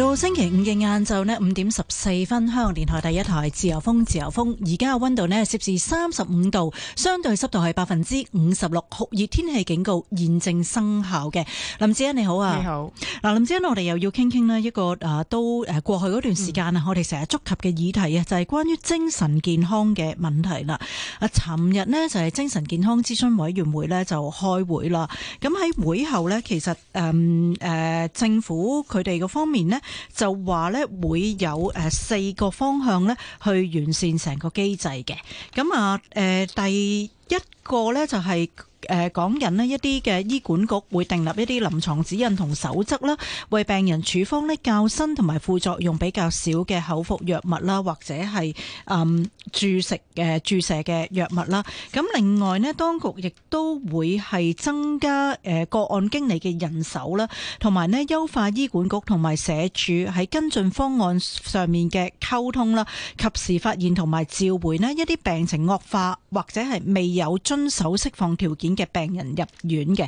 到星期五嘅晏晝呢，五點十四分，香港電台第一台自由風，自由風。而家嘅溫度呢，攝氏三十五度，相對濕度係百分之五十六，酷熱天氣警告現正生效嘅。林子欣你好啊，你好。嗱，林子欣，我哋又要傾傾呢一個誒、啊，都誒過去嗰段時間啊、嗯，我哋成日觸及嘅議題啊，就係、是、關於精神健康嘅問題啦。啊，尋日呢，就係、是、精神健康諮詢委員會呢，就開會啦。咁喺會後呢，其實誒誒、嗯啊，政府佢哋嗰方面呢。就話咧，會有誒四個方向咧去完善成個機制嘅，咁啊、呃、第一個咧就係、是。誒講緊咧一啲嘅醫管局會訂立一啲臨床指引同守則啦，為病人處方咧較新同埋副作用比較少嘅口服藥物啦，或者係嗯注射嘅注射嘅藥物啦。咁另外咧，當局亦都會係增加誒個案經理嘅人手啦，同埋咧優化醫管局同埋社署喺跟進方案上面嘅溝通啦，及時發現同埋召回咧一啲病情惡化或者係未有遵守釋放條件。嘅病人入院嘅，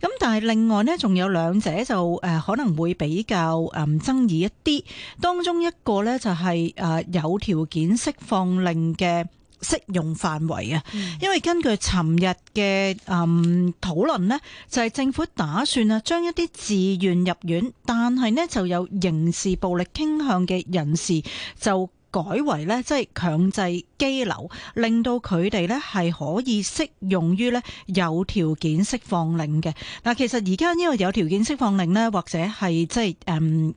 咁但係另外呢，仲有兩者就誒可能會比較誒爭議一啲，當中一個呢就係誒有條件釋放令嘅適用範圍啊，因為根據尋日嘅嗯討論呢，就係政府打算啊將一啲自願入院但係呢就有刑事暴力傾向嘅人士就。改為咧，即係強制拘留，令到佢哋咧係可以適用於咧有條件釋放令嘅。嗱，其實而家呢個有條件釋放令呢，或者係即係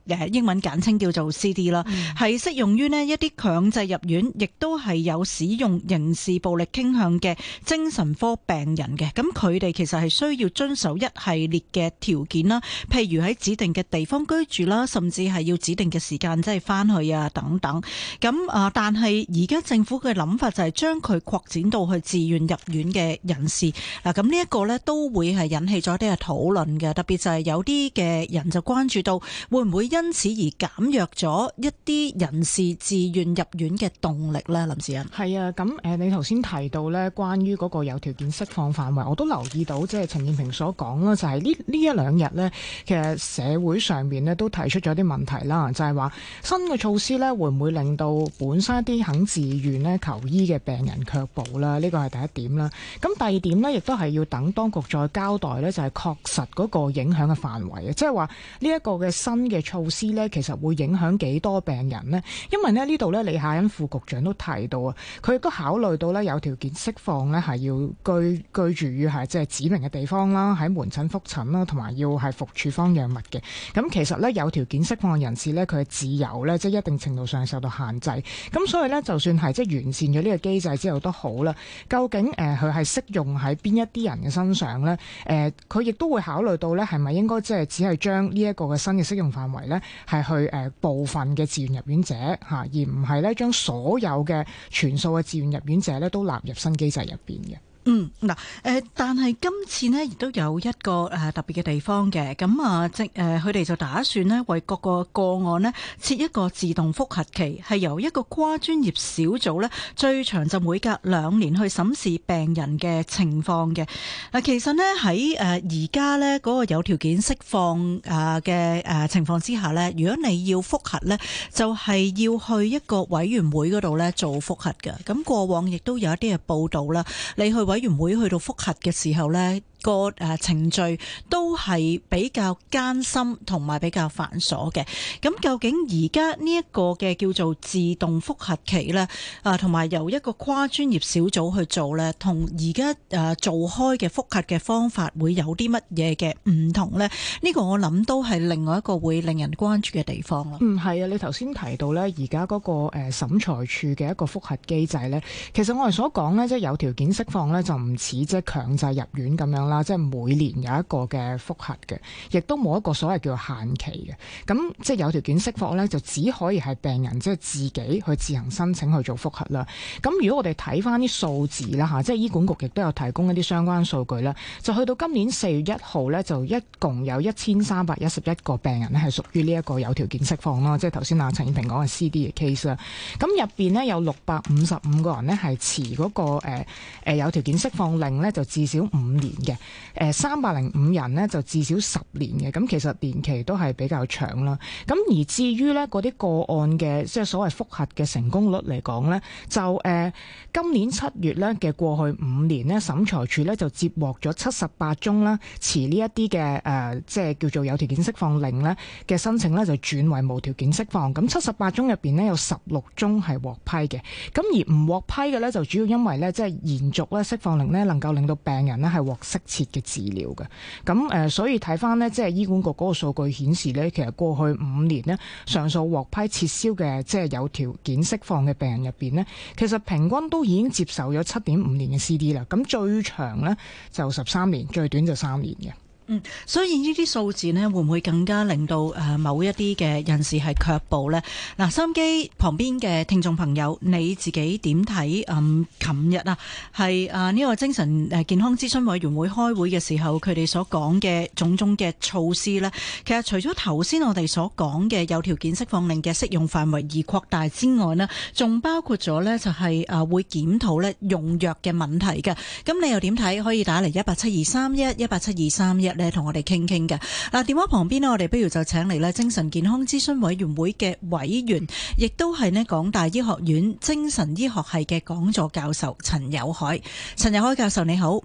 誒英文簡稱叫做 CD 啦，係適用於呢一啲強制入院，亦都係有使用刑事暴力傾向嘅精神科病人嘅。咁佢哋其實係需要遵守一系列嘅條件啦，譬如喺指定嘅地方居住啦，甚至係要指定嘅時間即係翻去啊等等。咁啊，但係而家政府嘅諗法就係將佢擴展到去自願入院嘅人士嗱，咁呢一個咧都會係引起咗啲嘅討論嘅，特別就係有啲嘅人就關注到會唔會因此而減弱咗一啲人士自願入院嘅動力咧？林志欣，係啊，咁誒你頭先提到咧，關於嗰個有條件釋放範圍我都留意到，即係陳建平所講啦，就係呢呢一兩日咧，其實社會上面咧都提出咗啲問題啦，就係話新嘅措施咧會唔會令到？本身一啲肯自願咧求醫嘅病人卻步啦，呢個係第一點啦。咁第二點呢，亦都係要等當局再交代呢，就係確實嗰個影響嘅範圍啊，即係話呢一個嘅新嘅措施呢，其實會影響幾多病人呢？因為咧呢度呢，李夏茵副局長都提到啊，佢亦都考慮到呢，有條件釋放呢，係要居居住於係即係指明嘅地方啦，喺門診復診啦，同埋要係服處方藥物嘅。咁其實呢，有條件釋放嘅人士呢，佢嘅自由呢，即係一定程度上受到限制。制咁所以咧，就算係即係完善咗呢個機制之後都好啦。究竟誒，佢係適用喺邊一啲人嘅身上咧？誒、呃，佢亦都會考慮到咧，係咪應該即係只係將呢一個嘅新嘅適用範圍咧，係去誒部分嘅自願入院者吓、啊，而唔係咧將所有嘅全數嘅自願入院者咧都納入新機制入邊嘅。嗯，嗱，誒但係今次咧，亦都有一個誒特別嘅地方嘅，咁啊，即誒佢哋就打算咧，為各個個案咧設一個自動複核期，係由一個跨專業小組咧，最長就每隔兩年去審視病人嘅情況嘅。嗱，其實咧喺誒而家咧嗰個有條件釋放啊嘅誒情況之下咧，如果你要複核咧，就係要去一個委員會嗰度咧做複核嘅。咁過往亦都有一啲嘅報道啦，你去委員會委員會去到複核嘅時候呢，個誒程序都係比較艱辛同埋比較繁瑣嘅。咁究竟而家呢一個嘅叫做自動複核期呢，啊同埋由一個跨專業小組去做呢，同而家做開嘅複核嘅方法會有啲乜嘢嘅唔同呢？呢個我諗都係另外一個會令人關注嘅地方咯。嗯，係啊，你頭先提到呢，而家嗰個審裁處嘅一個複核機制呢，其實我哋所講呢，即係有條件釋放呢，就唔似即係強制入院咁樣。啦，即係每年有一個嘅複核嘅，亦都冇一個所謂叫限期嘅。咁即係有條件釋放咧，就只可以係病人即係、就是、自己去自行申請去做複核啦。咁如果我哋睇返啲數字啦，嚇、啊，即係醫管局亦都有提供一啲相關數據咧，就去到今年四月一號咧，就一共有一千三百一十一個病人咧係屬於呢一個有條件釋放啦。即係頭先阿陳燕萍講嘅 CD 嘅 case 啦。咁入邊呢，有六百五十五個人呢係持嗰、那個誒、呃、有條件釋放令呢，就至少五年嘅。誒，三百零五人呢，就至少十年嘅，咁其實年期都係比較長啦。咁而至於呢嗰啲個案嘅即係所謂複核嘅成功率嚟講呢，就誒今年七月呢嘅過去五年呢，審裁處呢就接獲咗七十八宗啦，持呢一啲嘅誒即係叫做有條件釋放令呢嘅申請呢，就轉為無條件釋放。咁七十八宗入邊呢，有十六宗係獲批嘅，咁而唔獲批嘅呢，就主要因為呢，即係延續咧釋放令呢，能夠令到病人呢係獲釋。切嘅治療嘅，咁誒、呃，所以睇翻呢，即係醫管局嗰個數據顯示呢，其實過去五年呢，上述獲批撤銷嘅，即係有條件釋放嘅病人入邊呢，其實平均都已經接受咗七點五年嘅 CD 啦，咁最長呢就十三年，最短就三年嘅。嗯，所以呢啲數字呢會唔會更加令到誒某一啲嘅人士係卻步呢？嗱，收音機旁邊嘅聽眾朋友，你自己點睇？嗯，琴日啊，係誒呢個精神健康諮詢委員會開會嘅時候，佢哋所講嘅種種嘅措施呢，其實除咗頭先我哋所講嘅有條件釋放令嘅適用範圍而擴大之外呢，仲包括咗呢，就係誒會檢討呢用藥嘅問題嘅。咁你又點睇？可以打嚟一八七二三一，一八七二三一。咧同我哋傾傾嘅。嗱，電話旁邊我哋不如就請嚟咧精神健康諮詢委員會嘅委員，亦都係呢港大醫學院精神醫學系嘅講座教授陳友凱。陳友凱教授你好。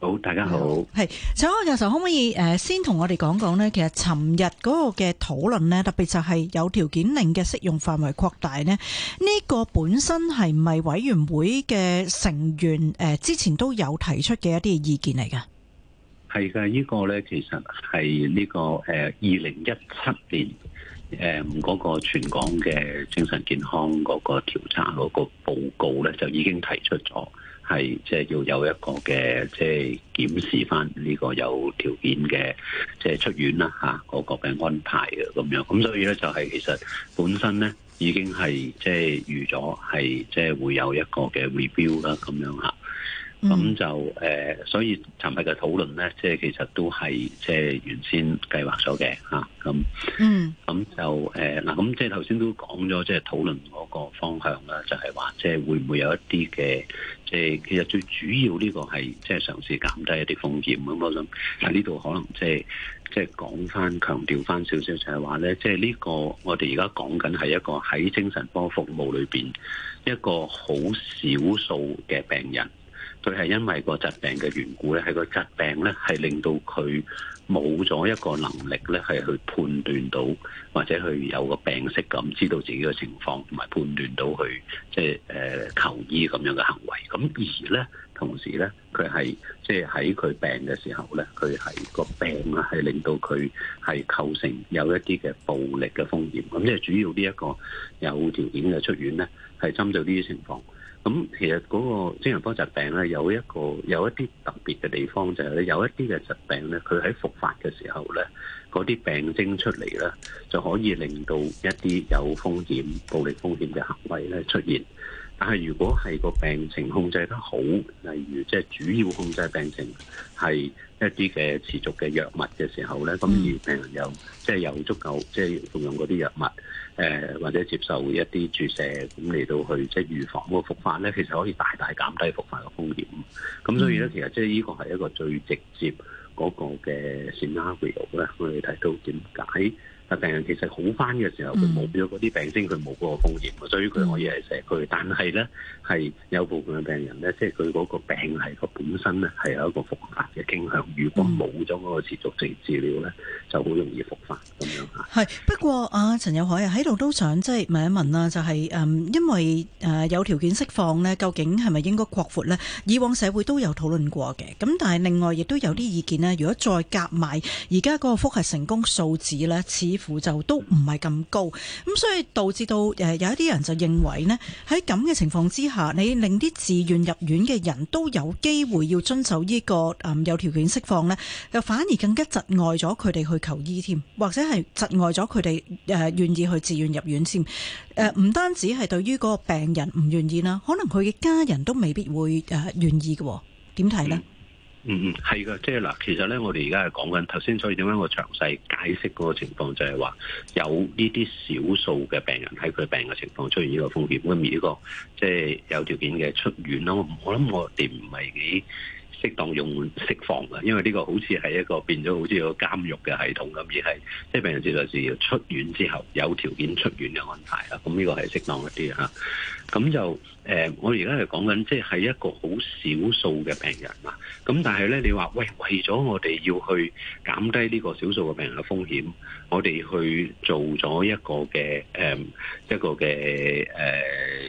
好，大家好。係陳友凱教授，可唔可以誒先同我哋講講呢？其實尋日嗰個嘅討論呢，特別就係有條件令嘅適用範圍擴大呢，呢、這個本身係唔係委員會嘅成員誒之前都有提出嘅一啲意見嚟㗎？係噶，呢個咧其實係呢個誒二零一七年誒嗰個全港嘅精神健康嗰個調查嗰個報告咧就已經提出咗，係即係要有一個嘅即係檢視翻呢個有條件嘅即係出院啦吓，嗰個嘅安排嘅咁樣，咁所以咧就係其實本身咧已經係即係預咗係即係會有一個嘅 review 啦咁樣吓。咁就誒，所以尋日嘅討論咧，即係其實都係即係原先計劃咗嘅嚇咁，嗯，咁就誒嗱，咁即係頭先都講咗，即係討論嗰個方向啦，就係話即係會唔會有一啲嘅，即係其實最主要呢個係即係嘗試減低一啲風險咁。我諗喺呢度可能即係即係講翻強調翻少少，就係話咧，即係呢個我哋而家講緊係一個喺精神科服務裏面一個好少數嘅病人。佢係因為個疾病嘅緣故咧，係個疾病咧係令到佢冇咗一個能力咧，係去判斷到或者去有個病識咁知道自己嘅情況，同埋判斷到去即係誒求醫咁樣嘅行為。咁而咧，同時咧，佢係即係喺佢病嘅時候咧，佢係、個病啊，係令到佢係構成有一啲嘅暴力嘅風險。咁即係主要呢一個有條件嘅出院咧，係針對呢啲情況。咁其實嗰個精神科疾病咧，有一個有一啲特別嘅地方，就係咧有一啲嘅疾病咧，佢喺復發嘅時候咧，嗰啲病徵出嚟咧，就可以令到一啲有風險、暴力風險嘅行為咧出現。但係，如果係個病情控制得好，例如即係主要控制病情係一啲嘅持續嘅藥物嘅時候咧，咁、嗯、而病人又即係有足夠即係、就是、服用嗰啲藥物，誒、呃、或者接受一啲注射，咁嚟到去即係、就是、預防個復發咧，其實可以大大減低復發嘅風險。咁所以咧、嗯，其實即係呢個係一個最直接嗰個嘅 scenario 咧，我哋睇到點解？病人其實好返嘅時候，佢冇咗嗰啲病徵，佢冇嗰個風險，所以佢可以係社區。但係呢，係有部分嘅病人呢，即係佢嗰個病係個本身呢，係有一個復發嘅傾向。如果冇咗嗰個持續性治療呢，就好容易復發咁樣嚇。係不過啊、呃，陳友凱啊，喺度都想即係、就是、問一問啦，就係、是、誒、嗯，因為誒、呃、有條件釋放呢，究竟係咪應該擴闊呢？以往社會都有討論過嘅。咁但係另外亦都有啲意見呢，如果再夾埋而家嗰個復核成功數字呢。似。就都唔係咁高，咁所以導致到誒有一啲人就認為呢，喺咁嘅情況之下，你令啲自願入院嘅人都有機會要遵守呢、呢個、嗯、有條件釋放呢，就反而更加窒礙咗佢哋去求醫添，或者係窒礙咗佢哋誒願意去自願入院添，誒、呃，唔單止係對於嗰個病人唔願意啦，可能佢嘅家人都未必會誒願、呃、意嘅。點睇呢？嗯嗯，係噶，即係嗱，其實咧，我哋而家係講緊頭先，所以點解我詳細解釋嗰個情況，就係話有呢啲少數嘅病人喺佢病嘅情況出現呢個風險。咁呢個即係有條件嘅出院啦，我諗我哋唔係幾。適當用釋放啊，因為呢個好似係一個變咗好似個監獄嘅系統咁，而係即係病人接受治療出院之後，有條件出院嘅安排啦。咁呢個係適當的一啲嚇。咁就誒，我而家係講緊即係係一個好少數嘅病人啦。咁但係咧，你話喂，為咗我哋要去減低呢個少數嘅病人嘅風險，我哋去做咗一個嘅，誒一個嘅誒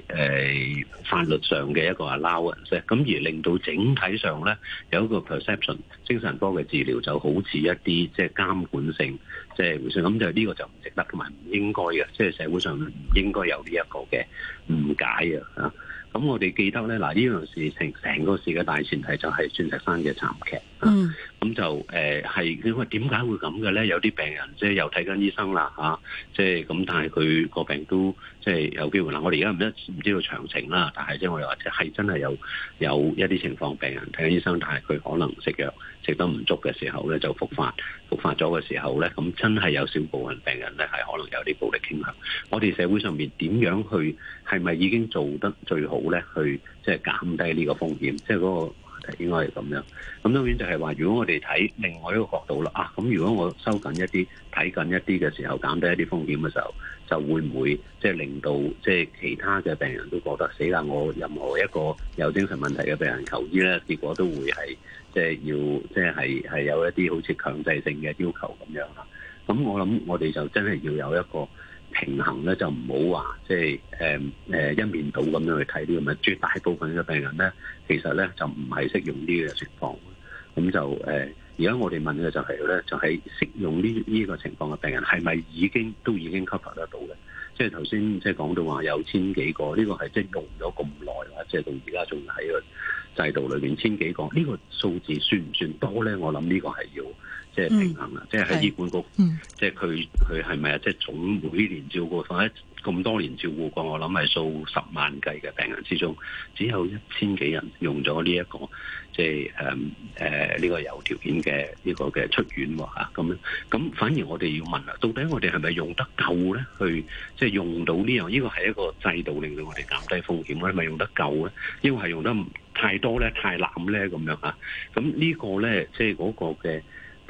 誒法律上嘅一個 allowance，咁而令到整體上咧有一個 perception，精神科嘅治療就好似一啲即係監管性，即係回算咁，這個，就呢個就唔值得同埋唔應該嘅，即係社會上唔應該有呢一個嘅誤解啊！咁我哋記得咧，嗱呢樣事情成個事嘅大前提就係鑽石山嘅慘劇。嗯、mm. 啊。咁就誒係點解會咁嘅咧？有啲病人即係又睇緊醫生啦、啊，即係咁，但係佢個病都即係有機會啦、啊。我哋而家唔一唔知道詳情啦，但係即係我又或者係真係有有一啲情況，病人睇緊醫生，但係佢可能食藥食得唔足嘅時候咧，就復發；復發咗嘅時候咧，咁真係有少部分病人咧，係可能有啲暴力傾向。我哋社會上面點樣去係咪已經做得最好咧？去即係減低呢個風險，即係嗰個應該係咁樣。咁當然就係話，如果我哋睇另外一個角度啦，啊，咁如果我收緊一啲睇緊一啲嘅時候，減低一啲風險嘅時候，就會唔會即係令到即係其他嘅病人都覺得死啦！我任何一個有精神問題嘅病人求醫咧，結果都會係。即係要，即係係係有一啲好似強制性嘅要求咁樣啦。咁我諗我哋就真係要有一個平衡咧，就唔好話即係誒誒一面倒咁樣去睇呢個問題。絕大部分嘅病人咧，其實咧就唔係適用呢啲嘅情況。咁就誒，而家我哋問嘅就係、是、咧，就係、是、適用呢呢個情況嘅病人係咪已經都已經 cover 得到嘅？即係頭先即係講到話有千幾個，呢、這個係即係用咗咁耐啦，即、就、係、是、到而家仲喺度。制度裏邊千幾個呢、呢個數字算唔算多咧？我諗呢個係要即係平衡啦、嗯，即係喺醫管局，即係佢佢係咪啊？即係總每年照顧翻一。咁多年照顧過，我諗係數十萬計嘅病人之中，只有一千幾人用咗呢一個，即係誒誒呢個有條件嘅呢個嘅出院喎咁樣。咁反而我哋要問啦，到底我哋係咪用得夠咧？去即係用到呢樣？呢個係一個制度令到我哋減低風險咧，係咪用得夠咧？因為係用得太多咧、太濫咧，咁樣嚇。咁呢個咧，即係嗰個嘅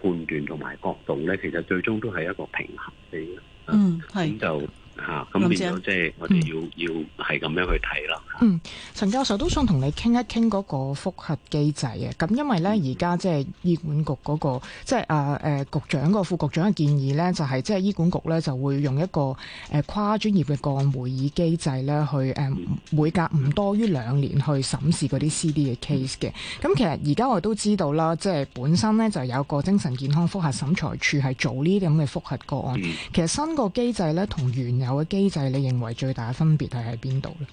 判斷同埋角度咧，其實最終都係一個平衡嚟嘅。嗯，係咁就。吓、啊，咁即係我哋要要係咁樣去睇啦。嗯，陳教授都想同你傾一傾嗰個複核機制啊。咁因為咧，而家即係醫管局嗰、那個即係、就是、啊誒、呃、局長個副局長嘅建議咧，就係即係醫管局咧就會用一個、呃、跨專業嘅個案會議機制咧，去、呃嗯、每隔唔多於兩年去審視嗰啲 C D 嘅 case 嘅。咁、嗯、其實而家我哋都知道啦，即、就、係、是、本身咧就有個個精神健康複核審裁處係做呢啲咁嘅複核個案。嗯、其實新個機制咧同、嗯、原有嘅機制，你認為最大嘅分別係喺邊度咧？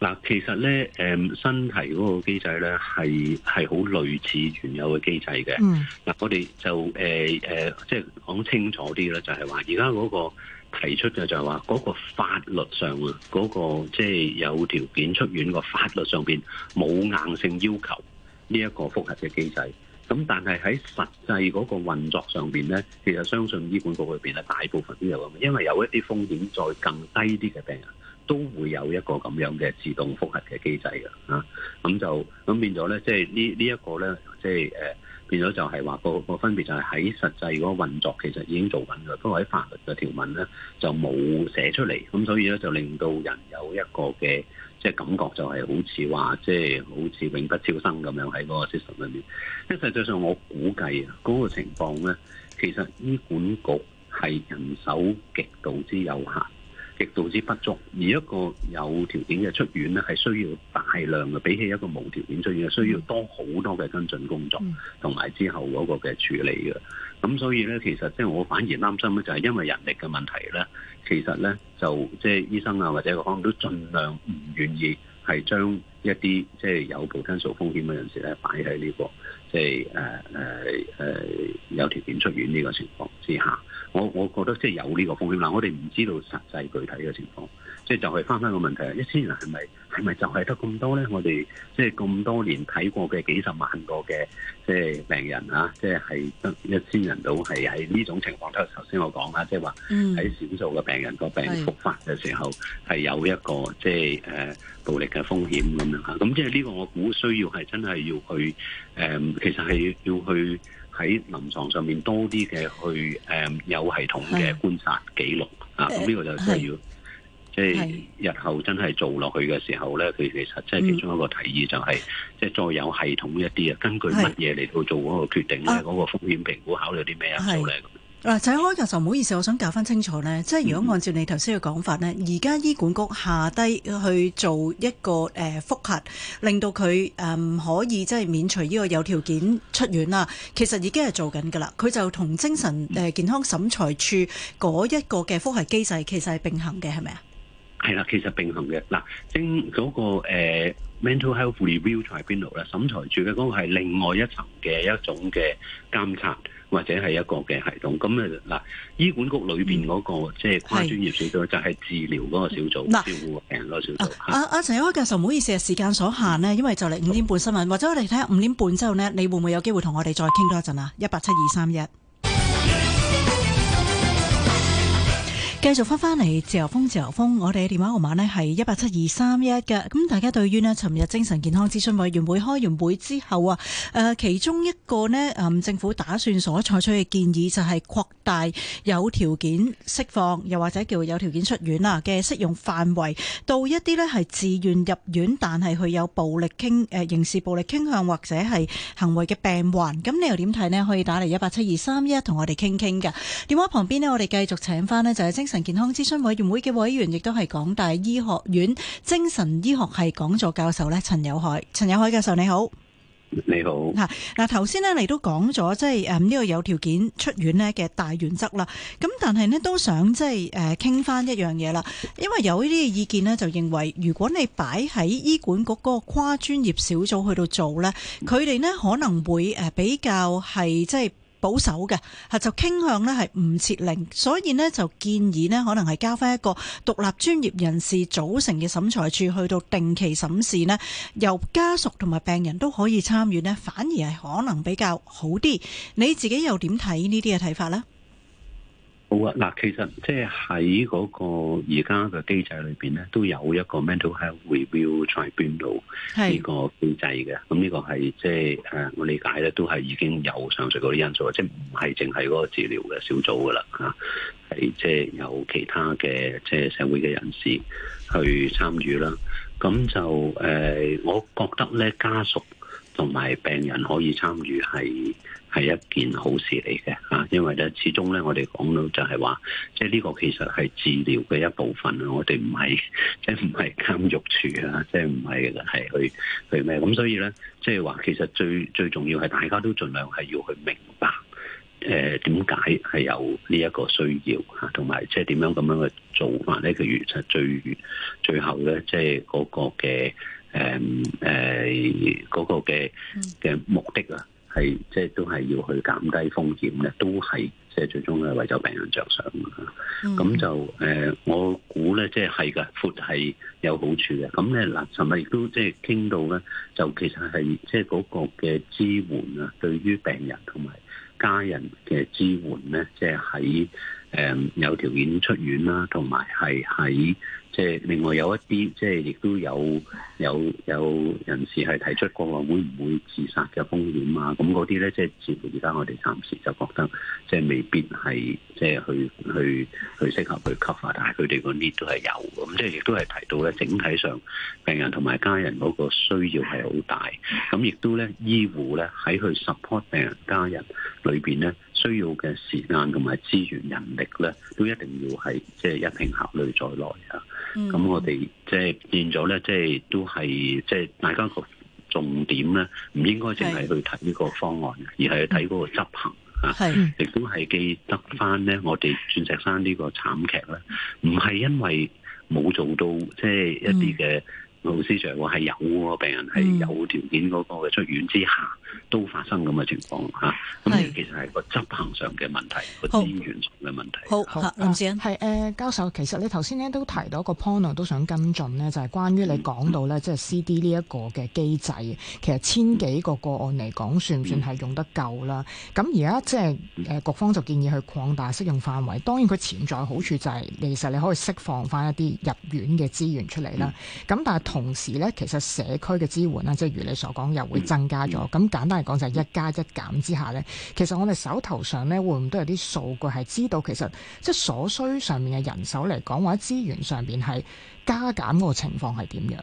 嗱，其實咧，誒，新提嗰個機制咧，係係好類似原有嘅機制嘅。嗱、嗯，我哋就誒誒，即係講清楚啲啦，就係話而家嗰個提出嘅就係話，嗰、嗰個法律上啊，嗰、嗰個即係、就係、有條件出院個法律上邊冇硬性要求呢一個複核嘅機制。咁但係喺實際嗰個運作上面咧，其實相信醫管局裏邊咧，大部分都有咁，因為有一啲風險再更低啲嘅病人，都會有一個咁樣嘅自動複核嘅機制嘅咁、啊、就咁變咗咧，即、就、係、是這個、呢呢一個咧，即、就、係、是呃、變咗就係話嗰個分別就係喺實際嗰個運作其實已經做緊嘅，不過喺法律嘅條文咧就冇寫出嚟，咁所以咧就令到人有一個嘅。即係感覺就係好似話，即係好似永不超生咁樣喺嗰個 system 裏面。即係實際上，我估計啊，嗰個情況咧，其實醫管局係人手極度之有限。極度之不足，而一個有條件嘅出院咧，係需要大量嘅，比起一個無條件出院，需要多好多嘅跟進工作，同埋之後嗰個嘅處理嘅。咁所以咧，其實即係我反而擔心咧，就係因為人力嘅問題咧，其實咧就即係、就是、醫生啊或者可能都盡量唔願意係將一啲即係有普通受風險嘅人士咧擺喺呢、呢個即係誒誒誒有條件出院呢個情況之下。我我覺得即係有呢個風險啦，我哋唔知道實際具體嘅情況，即係就係翻翻個問題，一千人係咪係咪就係得咁多咧？我哋即係咁多年睇過嘅幾十萬個嘅即係病人啊，即係係得一千人到係喺呢種情況。頭先我講下，即係話喺少數嘅病人個、mm. 病復發嘅時候係有一個即係誒暴力嘅風險咁樣嚇。咁即係呢個我估需要係真係要去誒，其實係要去。喺臨床上面多啲嘅去誒有系統嘅觀察記錄啊，咁呢個就需要即係、就係、日後真係做落去嘅時候咧，佢其實即係其中一個提議就係即係再有系統一啲啊，根據乜嘢嚟到做嗰個決定咧，嗰、嗰個風險評估考慮啲咩因素咧？嗱，仔開格就唔好意思，我想搞翻清楚呢，即係如果按照你頭先嘅講法呢，而、嗯、家醫管局下低去做一個誒複、呃、核，令到佢誒唔可以即係免除呢個有條件出院啦。其實已經係做緊噶啦。佢就同精神誒健康審裁處嗰一個嘅複核機制其實係並行嘅，係咪啊？係啦，其實並行嘅嗱，精嗰、那個、呃、mental health review 在 a l 咧？審裁處嘅嗰個係另外一層嘅一種嘅監察。或者係一個嘅系統，咁啊嗱，醫管局裏邊嗰、那個、嗯、即係跨專業小組就係、是、治療嗰個小組，嗯、照顧病人嗰小組。阿阿陳友凱教授，唔好意思啊，時間所限呢、嗯，因為就嚟五點半新聞、嗯，或者我哋睇下五點半之後呢，你會唔會有機會同我哋再傾多一陣啊？一八七二三一。繼續翻翻嚟，自由風，自由風，我哋嘅電話號碼呢係一八七二三一一嘅。咁大家對於呢尋日精神健康諮詢委員會開完會之後啊，誒，其中一個呢政府打算所採取嘅建議就係擴大有條件釋放，又或者叫有條件出院啊嘅適用範圍，到一啲呢係自願入院，但係佢有暴力傾誒、呃，刑事暴力傾向或者係行為嘅病患。咁你又點睇呢？可以打嚟一八七二三一同我哋傾傾嘅。電話旁邊呢，我哋繼續請翻呢就係精神。健康諮詢委員會嘅委員，亦都係港大醫學院精神醫學系講座教授咧，陳友海，陳友海教授你好。你好。吓、啊、嗱，頭先咧你都講咗，即係誒呢個有條件出院咧嘅大原則啦。咁但係咧都想即係誒傾翻一樣嘢啦，因為有呢啲嘅意見咧就認為，如果你擺喺醫管局嗰個跨專業小組去到做咧，佢哋咧可能會誒比較係即係。就是保守嘅就傾向呢係唔設令，所以呢，就建議呢可能係交翻一個獨立專業人士組成嘅審裁處去到定期審視呢，由家屬同埋病人都可以參與呢，反而係可能比較好啲。你自己又點睇呢啲嘅睇法呢？好啊！嗱，其實即喺個而家嘅機制裏邊咧，都有一個 mental health review tribunal 呢個機制嘅。咁呢個係即係誒我理解咧，都係已經有上述啲因素，即係唔係淨係個治療嘅小組噶啦嚇，係即係有其他嘅即係社會嘅人士去參與啦。咁就誒我覺得咧，家屬。同埋病人可以參與係係一件好事嚟嘅，啊、因為咧始終咧我哋講到就係話，即係呢個其實係治療嘅一部分啊，我哋唔係即係唔係監獄處啊，即係唔係係去去咩咁，所以咧即係話其實最最重要係大家都盡量係要去明白，誒點解係有呢一個需要嚇，同埋即係點樣咁樣嘅做法咧，佢其實最最後咧即係嗰個嘅。誒、嗯，誒、嗯，嗰、嗯那個嘅嘅目的啊，係即係都係要去減低風險嘅，都係即係最終係為咗病人着想咁、嗯、就誒、呃，我估咧，即係係噶，闊、嗯、係有好處嘅。咁咧嗱，尋日亦都即係傾到咧，就其實係即係嗰個嘅支援啊，對於病人同埋家人嘅支援咧，即係喺誒有條件出院啦，同埋係喺。即係另外有一啲，即係亦都有有有人士係提出過話會唔會自殺嘅風險啊？咁嗰啲咧，即係似乎而家我哋暫時就覺得，即係未必係即係去去去適合去 cover，但係佢哋嗰啲都係有咁，即係亦都係提到咧，整體上病人同埋家人嗰個需要係好大，咁亦都咧醫護咧喺去 support 病人家人裏邊咧。需要嘅時間同埋資源人力咧，都一定要係即係一併考慮在內啊！咁、嗯、我哋即係變咗咧，即係都係即係大家個重點咧，唔應該淨係去睇呢個方案，是而係去睇嗰個執行、嗯、啊！亦都係記得翻咧，我哋鑽石山呢個慘劇咧，唔係因為冇做到即係一啲嘅。嗯老師長話係有個病人係有條件嗰個嘅出院之下、嗯，都發生咁嘅情況嚇。咁其實係個執行上嘅問題，個資源上嘅問題。好，好好林志恩、啊呃、教授，其實你頭先咧都提到一個 point 都想跟進呢，就係、是、關於你講到咧、嗯，即係 CD 呢一個嘅機制、嗯，其實千幾個個案嚟講，算唔算係用得夠啦？咁而家即係誒、呃、各方就建議去擴大適用範圍。當然佢潛在好處就係、是，其實你可以釋放翻一啲入院嘅資源出嚟啦。咁、嗯、但係，同時呢，其實社區嘅支援啦，即係如你所講，又會增加咗。咁、嗯嗯、簡單嚟講，就係、是、一加一減之下呢，其實我哋手頭上呢，會唔會都有啲數據係知道其實即係所需上面嘅人手嚟講，或者資源上面係加減個情況係點樣？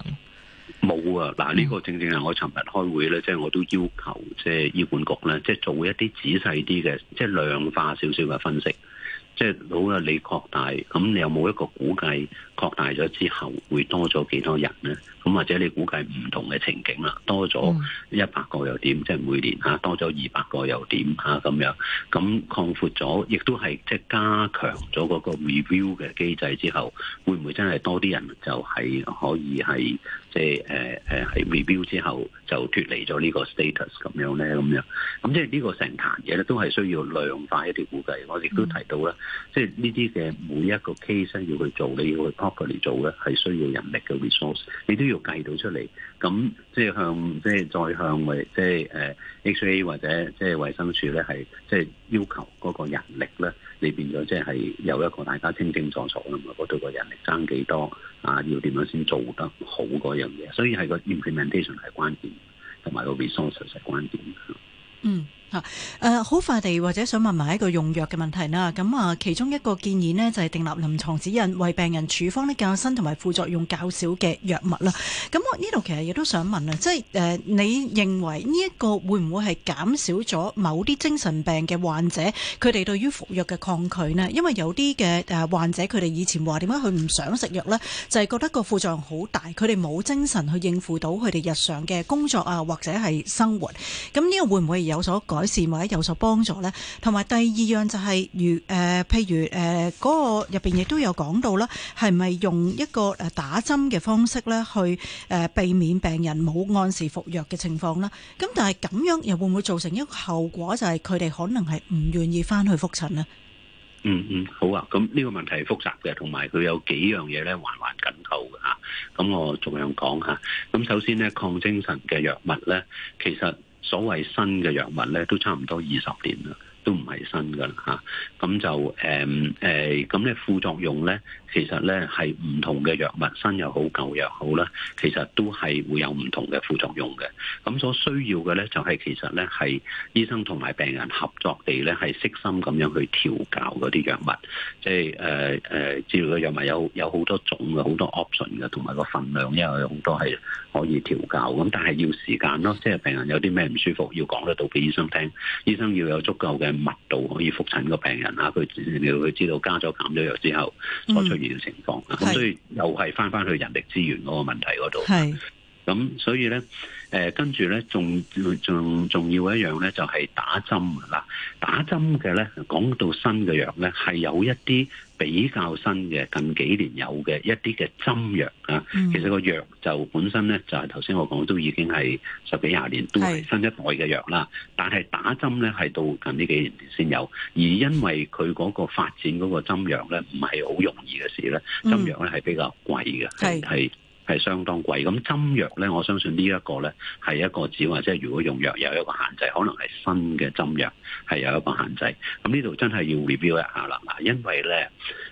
冇啊！嗱，呢個正正係、嗯、我尋日開會呢，即係我都要求即係、就是、醫管局呢，即、就、係、是、做一啲仔細啲嘅，即、就、係、是、量化少少嘅分析。即、就、係、是、好啦、啊，你擴大，咁你有冇一個估計？擴大咗之後會多咗幾多人呢？咁或者你估計唔同嘅情景啦，多咗一百個又點？即係每年嚇多咗二百個又點嚇咁樣？咁擴闊咗，亦都係即係加強咗嗰個 review 嘅機制之後，會唔會真係多啲人就係可以係即係誒誒係 review 之後就脱離咗呢個 status 咁樣呢？咁樣咁即係呢個成壇嘢咧，都係需要量化一條估計。我亦都提到啦、嗯，即係呢啲嘅每一個 case 要去做，你要去。p 做嘅係需要人力嘅 resource，你都要計到出嚟。咁即係向，即係再向，為即係誒 HA 或者即係衛生署咧，係即係要求嗰個人力咧，你變咗即係有一個大家清清楚楚啦嘛。嗰度個人力爭幾多啊？要點樣先做得好嗰樣嘢？所以係個 implementation 係關鍵，同埋個 resource 係關鍵。嗯。啊、嗯，好快地或者想問埋一個用藥嘅問題啦。咁啊，其中一個建議呢，就係訂立臨床指引，為病人處方呢較新同埋副作用較少嘅藥物啦。咁我呢度其實亦都想問啊，即係誒你認為呢一個會唔會係減少咗某啲精神病嘅患者佢哋對於服藥嘅抗拒呢？因為有啲嘅誒患者佢哋以前話點解佢唔想食藥呢，就係、是、覺得個副作用好大，佢哋冇精神去應付到佢哋日常嘅工作啊或者係生活。咁呢個會唔會有所改？改善或者有所幫助咧，同埋第二樣就係，如誒，譬如誒，嗰個入邊亦都有講到啦，係咪用一個誒打針嘅方式咧，去誒避免病人冇按時服藥嘅情況啦？咁但係咁樣又會唔會造成一個後果，就係佢哋可能係唔願意翻去復診咧？嗯嗯，好啊，咁呢個問題複雜嘅，同埋佢有幾樣嘢咧，環環緊扣㗎吓。咁我盡量講吓。咁首先咧，抗精神嘅藥物咧，其實。所謂新嘅藥物咧，都差唔多二十年啦。都唔係新噶啦吓，咁就誒誒咁咧副作用咧，其實咧係唔同嘅藥物，新又好舊藥好啦，其實都係會有唔同嘅副作用嘅。咁所需要嘅咧，就係其實咧係醫生同埋病人合作地咧，係悉心咁樣去調教嗰啲藥物。即係誒誒治療嘅藥物有有好多種嘅，好多 option 嘅，同埋個分量因為好多係可以調教，咁但係要時間咯。即係病人有啲咩唔舒服，要講得到俾醫生聽，醫生要有足夠嘅。密度可以覆診個病人啊，佢佢知道加咗減咗藥之後所出現嘅情況，咁、嗯、所以又係返返去人力資源嗰個問題嗰度。係，咁所以咧，誒跟住咧，仲仲仲要一樣咧，就係打針啦。打針嘅咧，講到新嘅藥咧，係有一啲，比較新嘅近幾年有嘅一啲嘅針藥啊，嗯、其實個藥就本身咧就係頭先我講都已經係十幾廿年都係新一代嘅藥啦，係但係打針咧係到近呢幾年先有，而因為佢嗰個發展嗰個針藥咧唔係好容易嘅事咧，針藥咧係比較貴嘅，係、嗯。係相當貴，咁針藥咧，我相信呢一個咧係一個指，或者如果用藥有一個限制，可能係新嘅針藥係有一個限制，咁呢度真係要 review 一下啦，因為咧。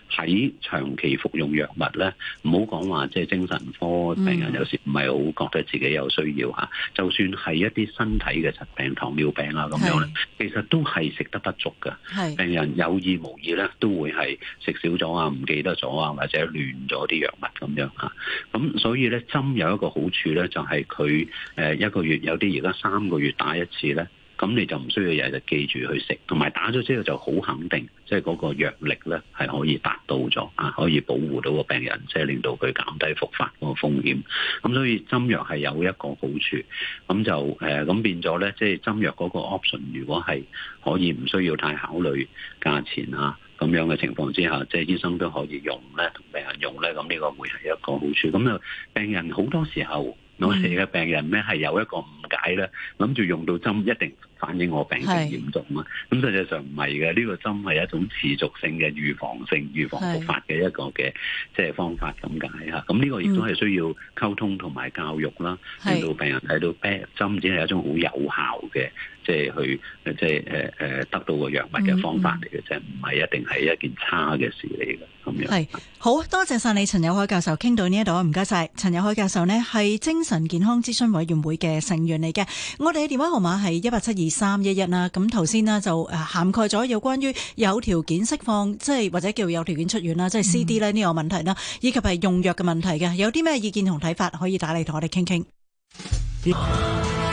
喺長期服用藥物咧，唔好講話即係精神科病人有時唔係好覺得自己有需要嚇、嗯，就算係一啲身體嘅疾病，糖尿病啊咁樣咧，其實都係食得不足㗎。病人有意無意咧，都會係食少咗啊，唔記得咗啊，或者亂咗啲藥物咁樣嚇。咁所以咧，針有一個好處咧，就係佢誒一個月有啲而家三個月打一次咧。咁你就唔需要日日記住去食，同埋打咗之後就好肯定，即係嗰個藥力咧係可以達到咗啊，可以保護到個病人，即係令到佢減低復發嗰個風險。咁所以針藥係有一個好處，咁就誒咁變咗咧，即係針藥嗰個 option，如果係可以唔需要太考慮價錢啊咁樣嘅情況之下，即係醫生都可以用咧，同病人用咧，咁呢個會係一個好處。咁啊，病人好多時候，我哋嘅病人咧係有一個誤解咧，諗住用到針一定反映我病情嚴重啊，咁實際上唔係嘅，呢、這個針係一種持續性嘅預防性、預防復發嘅一個嘅即係方法咁解吓，咁呢、這個亦都係需要溝通同埋教育啦，令、嗯、到病人睇到針、哎、只係一種好有效嘅，即、就、係、是、去即係誒誒得到個藥物嘅方法嚟嘅啫，唔、嗯、係、就是、一定係一件差嘅事嚟嘅。咁樣係好多謝晒你，陳友凱教授傾到呢一度，唔該晒陳友凱教授咧係精神健康諮詢委員會嘅成員嚟嘅。我哋嘅電話號碼係一八七二。三一一啦，咁頭先呢就誒涵蓋咗有關於有條件釋放，即係或者叫有條件出院啦，即係 C D 咧呢個問題啦，以及係用藥嘅問題嘅，有啲咩意見同睇法可以打嚟同我哋傾傾。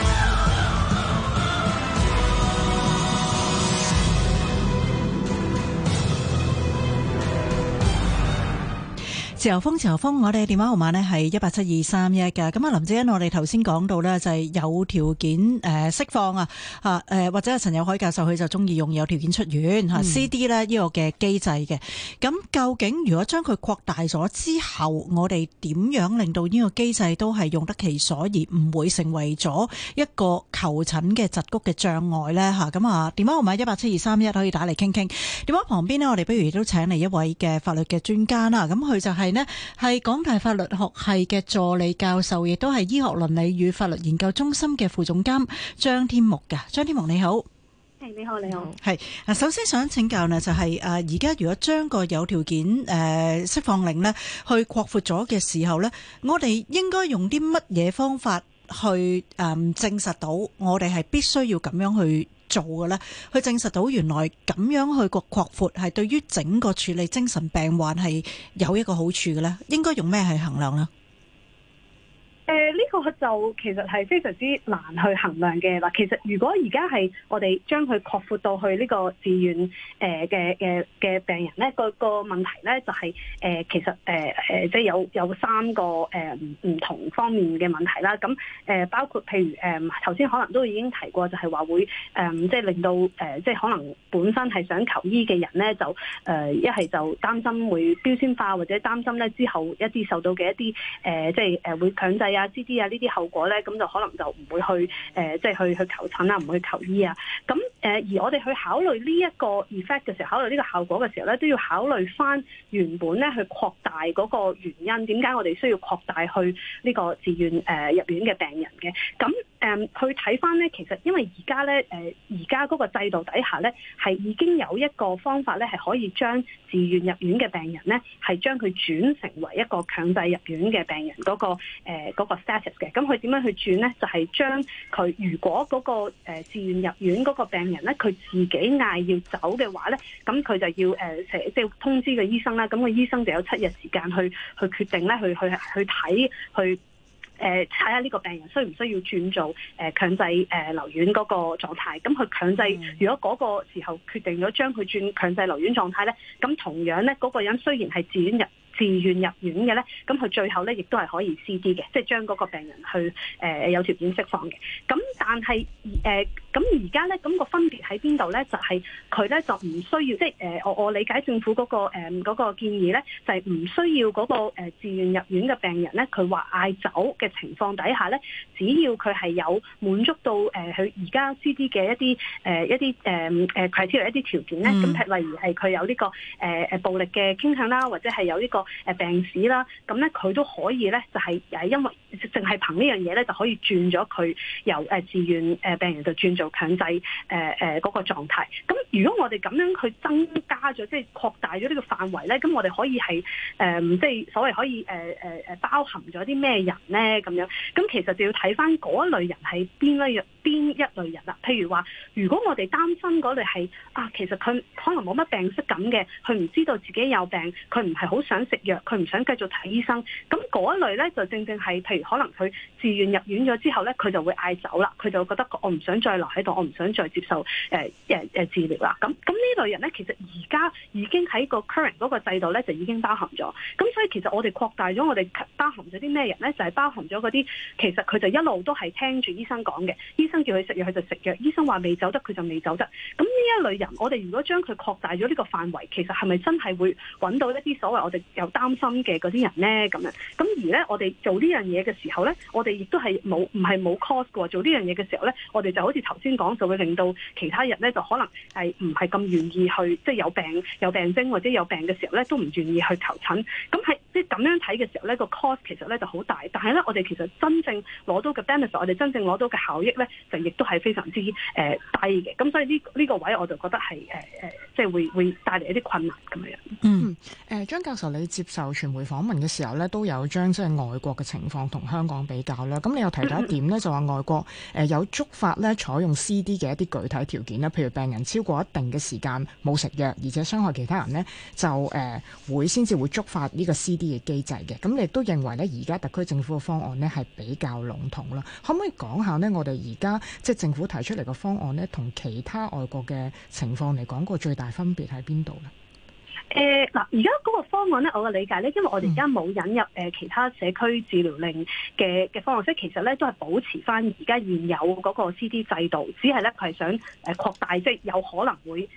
自由風，自由風，我哋嘅電話號碼呢係一八七二三一嘅。咁啊，林子欣，我哋頭先講到呢，就係有條件誒釋放啊吓誒，或者陳友凱教授佢就中意用有條件出院吓、嗯、C D 咧呢個嘅機制嘅。咁究竟如果將佢擴大咗之後，我哋點樣令到呢個機制都係用得其所，而唔會成為咗一個求診嘅疾谷嘅障礙呢？吓？咁啊，電話號碼一八七二三一可以打嚟傾傾。電話旁邊呢，我哋不如都請嚟一位嘅法律嘅專家啦。咁佢就係、是。咧係港大法律學系嘅助理教授，亦都係醫學倫理與法律研究中心嘅副總監張天目㗎。張天目，你好。係你好你好。係啊，首先想請教呢，就係誒，而家如果將個有條件誒、呃、釋放令咧，去擴闊咗嘅時候呢，我哋應該用啲乜嘢方法去誒、呃、證實到我哋係必須要咁樣去？做嘅咧，去證實到原來咁樣去個擴闊係對於整個處理精神病患係有一個好處嘅咧，應該用咩去衡量咧？誒、這、呢個就其實係非常之難去衡量嘅嗱，其實如果而家係我哋將佢擴闊到去呢個自願誒嘅嘅嘅病人咧，個、這個問題咧就係誒其實誒誒即係有有三個誒唔同方面嘅問題啦，咁誒包括譬如誒頭先可能都已經提過，就係話會誒即係令到誒即係可能本身係想求醫嘅人咧，就誒一係就擔心會標籤化，或者擔心咧之後一啲受到嘅一啲誒即係誒會強制。啊！呢啲啊，後果呢，咁就可能就唔會去誒，即係去去求診啦，唔會去求醫啊。咁誒、呃，而我哋去考慮呢一個 effect 嘅時候，考慮呢個效果嘅時候呢，都要考慮翻原本呢去擴大嗰個原因，點解我哋需要擴大去呢個自願誒、呃、入院嘅病人嘅咁。誒、嗯，去睇翻咧，其實因為而家咧，誒而家嗰個制度底下咧，係已經有一個方法咧，係可以將自願入院嘅病人咧，係將佢轉成為一個強制入院嘅病人嗰、嗰個誒嗰、呃嗰個 status 嘅。咁佢點樣去轉咧？就係將佢如果嗰個誒自願入院嗰個病人咧，佢自己嗌要走嘅話咧，咁佢就要誒成、呃、即係通知個醫生啦。咁、嗰個醫生就有七日時間去去決定咧，去去去睇去。去誒睇下呢個病人需唔需要轉做誒強制誒留院嗰個狀態，咁佢強制如果嗰個時候決定咗將佢轉強制留院狀態咧，咁同樣咧，嗰個人雖然係自願入自願入院嘅咧，咁佢最後咧亦都係可以 C D 嘅，即、就、係、是、將嗰個病人去誒、呃、有條件釋放嘅。咁但係誒，咁而家咧，咁、那個分別喺邊度咧？就係佢咧就唔需要，即係誒，我我理解政府嗰、那個誒嗰、呃那個、建議咧，就係唔需要嗰、那個、呃、自願入院嘅病人咧，佢話嗌走嘅情況底下咧，只要佢係有滿足到誒，佢而家 C D 嘅一啲誒、呃、一啲誒誒 criteria 一啲條件咧，咁例如係佢有呢、這個誒、呃、暴力嘅傾向啦，或者係有呢、這個。誒，病史啦，咁咧佢都可以咧，就係、是、誒，因為淨係憑呢樣嘢咧，就可以轉咗佢由誒自願誒病人到轉那，就轉做強制誒誒嗰個狀態。咁如果我哋咁樣去增加咗、就是呃，即係擴大咗呢個範圍咧，咁我哋可以係誒，即係所謂可以誒誒誒，包含咗啲咩人咧？咁樣咁其實就要睇翻嗰一類人係邊一樣邊一類人啦。譬如話，如果我哋擔心嗰類係啊，其實佢可能冇乜病識感嘅，佢唔知道自己有病，佢唔係好想食藥，佢唔想繼續睇醫生，咁嗰一類咧就正正係，譬如可能佢自願入院咗之後咧，佢就會嗌走啦，佢就覺得我唔想再留喺度，我唔想再接受誒誒誒治療啦。咁咁呢類人咧，其實而家已經喺個 current 嗰個制度咧，就已經包含咗。咁所以其實我哋擴大咗我哋包含咗啲咩人咧，就係、是、包含咗嗰啲其實佢就一路都係聽住醫生講嘅，醫生叫佢食藥佢就食藥，醫生話未走得佢就未走得。咁呢一類人，我哋如果將佢擴大咗呢個範圍，其實係咪真係會揾到一啲所謂我哋有？擔心嘅嗰啲人咧，咁樣咁而咧，我哋做呢樣嘢嘅時候咧，我哋亦都係冇唔係冇 cost 嘅。做呢樣嘢嘅時候咧，我哋就好似頭先講，就會令到其他人咧，就可能係唔係咁願意去，即係有病有病徵或者有病嘅時候咧，都唔願意去求診。咁係即係咁樣睇嘅時候咧，個 cost 其實咧就好大。但係咧，我哋其實真正攞到嘅 benefit，我哋真正攞到嘅效益咧，就亦都係非常之誒低嘅。咁所以呢呢個位，我就覺得係誒誒，即係會會帶嚟一啲困難咁樣。嗯，誒，張教授你。接受傳媒訪問嘅時候咧，都有將即係外國嘅情況同香港比較啦。咁你又提到一點呢，就話外國誒有觸發咧採用 C.D. 嘅一啲具體條件啦，譬如病人超過一定嘅時間冇食藥，而且傷害其他人呢，就誒會先至會觸發呢個 C.D. 嘅機制嘅。咁你亦都認為呢，而家特區政府嘅方案呢係比較籠統啦。可唔可以講下呢？我哋而家即係政府提出嚟嘅方案呢，同其他外國嘅情況嚟講，個最大分別喺邊度呢？誒、呃、嗱，而家嗰個方案咧，我嘅理解咧，因為我哋而家冇引入誒其他社區治療令嘅嘅方案，即係其實咧都係保持翻而家現有嗰個 CD 制度，只係咧佢係想誒擴大，即、就、係、是、有可能會誒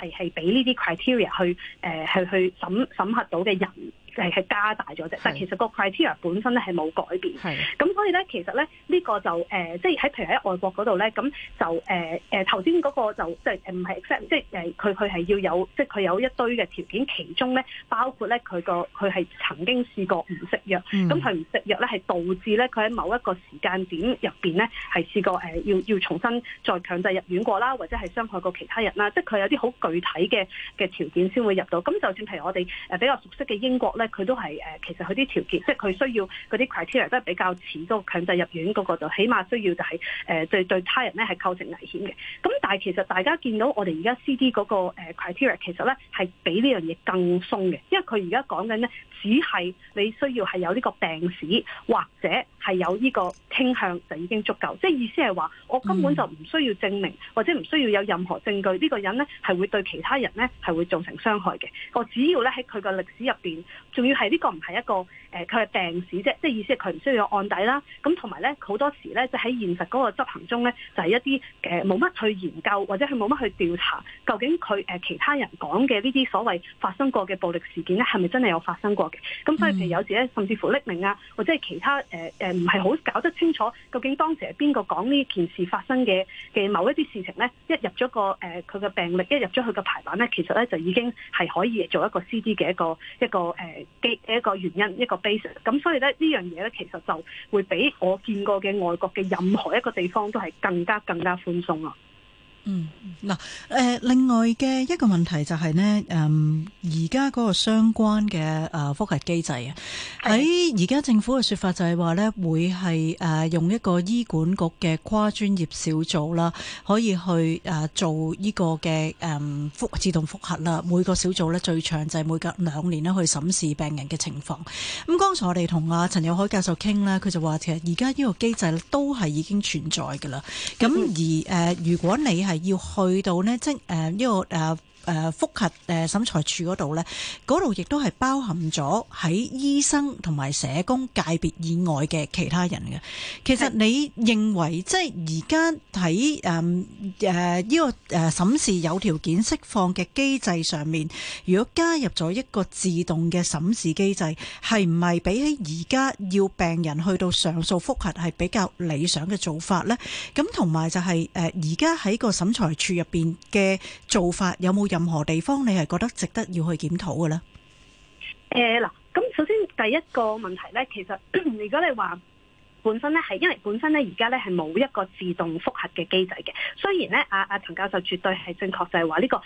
係係俾呢啲 criteria 去誒去、呃、去審審核到嘅人，係係加大咗啫，但係其實個 criteria 本身咧係冇改變，係，咁所以咧，其實咧呢個就誒、呃、即係喺譬如喺外國嗰度咧，咁就誒誒頭先嗰個就即係誒唔係 except，即係誒佢佢係要有，即係佢有一堆嘅條件，其中咧包括咧佢個佢係曾經試過唔食藥，咁佢唔食藥咧係導致咧佢喺某一個時間點入邊咧係試過誒要要重新再強制入院過啦，或者係傷害過其他人啦，即係佢有啲好具體嘅嘅條件先會入到。咁就算譬如我哋誒比較熟悉嘅英國咧。佢都係誒，其實佢啲條件，即係佢需要嗰啲 criteria 都係比較似個強制入院嗰個就，起碼需要就係、是、誒對對他人咧係構成危險嘅。咁但係其實大家見到我哋而家 CD 嗰個 criteria 其實咧係比呢樣嘢更鬆嘅，因為佢而家講緊咧只係你需要係有呢個病史或者，係有呢個傾向就已經足夠，即係意思係話我根本就唔需要證明或者唔需要有任何證據呢個人咧係會對其他人咧係會造成傷害嘅。我只要咧喺佢嘅歷史入邊，仲要係呢個唔係一個誒佢嘅病史啫，即係意思係佢唔需要有案底啦。咁同埋咧好多時咧就喺現實嗰個執行中咧就係一啲誒冇乜去研究或者佢冇乜去調查究竟佢誒其他人講嘅呢啲所謂發生過嘅暴力事件咧係咪真係有發生過嘅？咁所以其實有時咧甚至乎匿名啊或者係其他誒誒。呃唔係好搞得清楚，究竟當時係邊個講呢件事發生嘅嘅某一啲事情呢，一入咗個誒佢嘅病歷，一入咗佢嘅排版呢，其實呢就已經係可以做一個 CD 嘅一個一個誒基一個原因一個 basis。咁所以呢，呢樣嘢呢，其實就會比我見過嘅外國嘅任何一個地方都係更加更加寬鬆啦。嗯，嗱，誒，另外嘅一個問題就係、是、咧，誒、嗯，而家嗰個相關嘅誒覆核機制啊，喺而家政府嘅說法就係話咧，會係誒用一個醫管局嘅跨專業小組啦，可以去誒做呢個嘅誒覆自動覆核啦。每個小組咧最長就係每隔兩年咧去審視病人嘅情況。咁剛才我哋同阿陳友凱教授傾啦，佢就話，其實而家呢個機制都係已經存在噶啦。咁、嗯、而誒、呃，如果你係要去到咧，即誒呢個誒。Uh, your, uh 誒、呃，複核誒審裁處嗰度咧，嗰度亦都係包含咗喺醫生同埋社工界別以外嘅其他人嘅。其實你認為即係而家喺誒誒呢個誒審視有條件釋放嘅機制上面，如果加入咗一個自動嘅審視機制，係唔係比起而家要病人去到上訴複核係比較理想嘅做法咧？咁同埋就係誒而家喺個審裁處入邊嘅做法有冇？任何地方你係覺得值得要去檢討嘅啦？誒，嗱，咁首先第一個問題咧，其實如果你話。本身咧係因為本身咧而家咧係冇一個自動複核嘅機制嘅。雖然咧阿阿陳教授絕對係正確，就係話呢個誒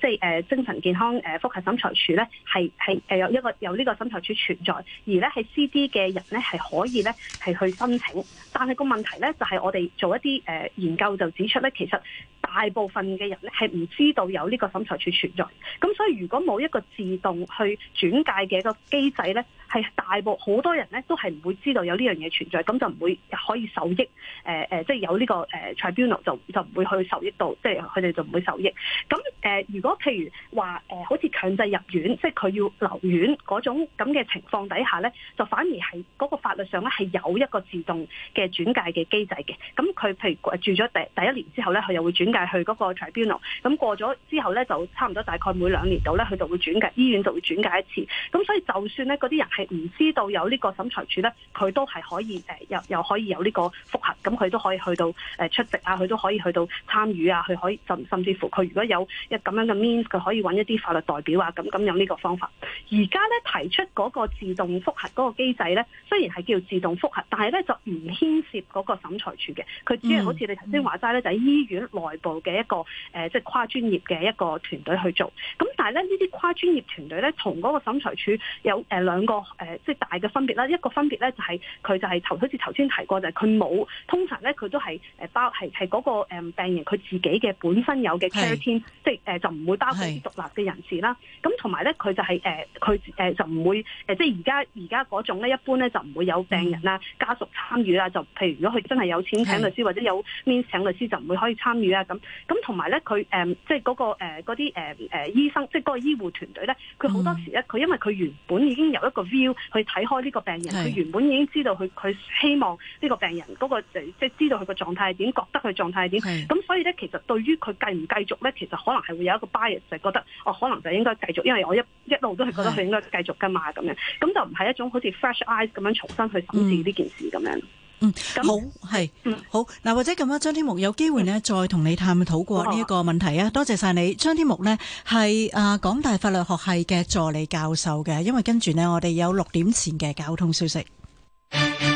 即係誒精神健康誒複核審裁處咧係係誒有一個有呢個審裁處存在，而咧係 C.D. 嘅人咧係可以咧係去申請。但係個問題咧就係我哋做一啲誒研究就指出咧，其實大部分嘅人咧係唔知道有呢個審裁處存在。咁所以如果冇一個自動去轉介嘅一個機制咧，係大部好多人咧都係唔會知道有呢樣嘢存在。咁就唔會可以受益，誒即係有呢個、呃、tribunal 就就唔會去受益到，即係佢哋就唔會受益。咁誒、呃，如果譬如話、呃、好似強制入院，即係佢要留院嗰種咁嘅情況底下咧，就反而係嗰個法律上咧係有一個自動嘅轉介嘅機制嘅。咁佢譬如住咗第第一年之後咧，佢又會轉介去嗰個 tribunal。咁過咗之後咧，就差唔多大概每兩年度咧，佢就會轉介，醫院就會轉介一次。咁所以就算咧嗰啲人係唔知道有呢個審裁處咧，佢都係可以又又可以有呢個複核，咁佢都可以去到出席啊，佢都可以去到參與啊，佢可以甚甚至乎佢如果有一咁樣嘅 means，佢可以揾一啲法律代表啊，咁咁有呢個方法。而家咧提出嗰個自動複核嗰個機制咧，雖然係叫自動複核，但係咧就唔牽涉嗰個審裁處嘅，佢只係好似你頭先話齋咧，就係、是、醫院內部嘅一個即係、呃就是、跨專業嘅一個團隊去做。咁但係咧呢啲跨專業團隊咧，同嗰個審裁處有誒、呃、兩個即係、呃就是、大嘅分別啦。一個分別咧就係、是、佢就係投出。似頭先提過就係佢冇，通常咧佢都係誒包係係嗰個誒病人佢自己嘅本身有嘅 care team 即係誒、呃、就唔會包括啲獨立嘅人士啦，咁同埋咧佢就係誒佢誒就唔會誒即係而家，而家嗰種咧一般咧就唔會有病人啦、嗯、家屬參與啊，就譬如如果佢真係有錢請律師，或者有面請律，律師就唔會可以參與啊，咁咁同埋咧佢誒即係、那、嗰個誒嗰啲誒誒醫生即係嗰個醫護團隊咧佢好多時咧佢、嗯、因為佢原本已經有一個 view 去睇開呢個病人，佢原本已經知道佢佢。他希望呢個病人嗰個即係知道佢個狀態係點，覺得佢狀態係點。咁所以呢，其實對於佢繼唔繼續呢，其實可能係會有一個 bias，就覺得哦，可能就應該繼續，因為我一一路都係覺得佢應該繼續㗎嘛咁樣。咁就唔係一種好似 fresh eyes 咁樣重新去審視呢件事咁、嗯、樣。嗯，好係、嗯、好嗱，或者咁樣張天目有機會呢，再同你探討過呢一個問題啊、嗯！多謝晒你，張天目呢，係啊，港大法律學系嘅助理教授嘅。因為跟住呢，我哋有六點前嘅交通消息。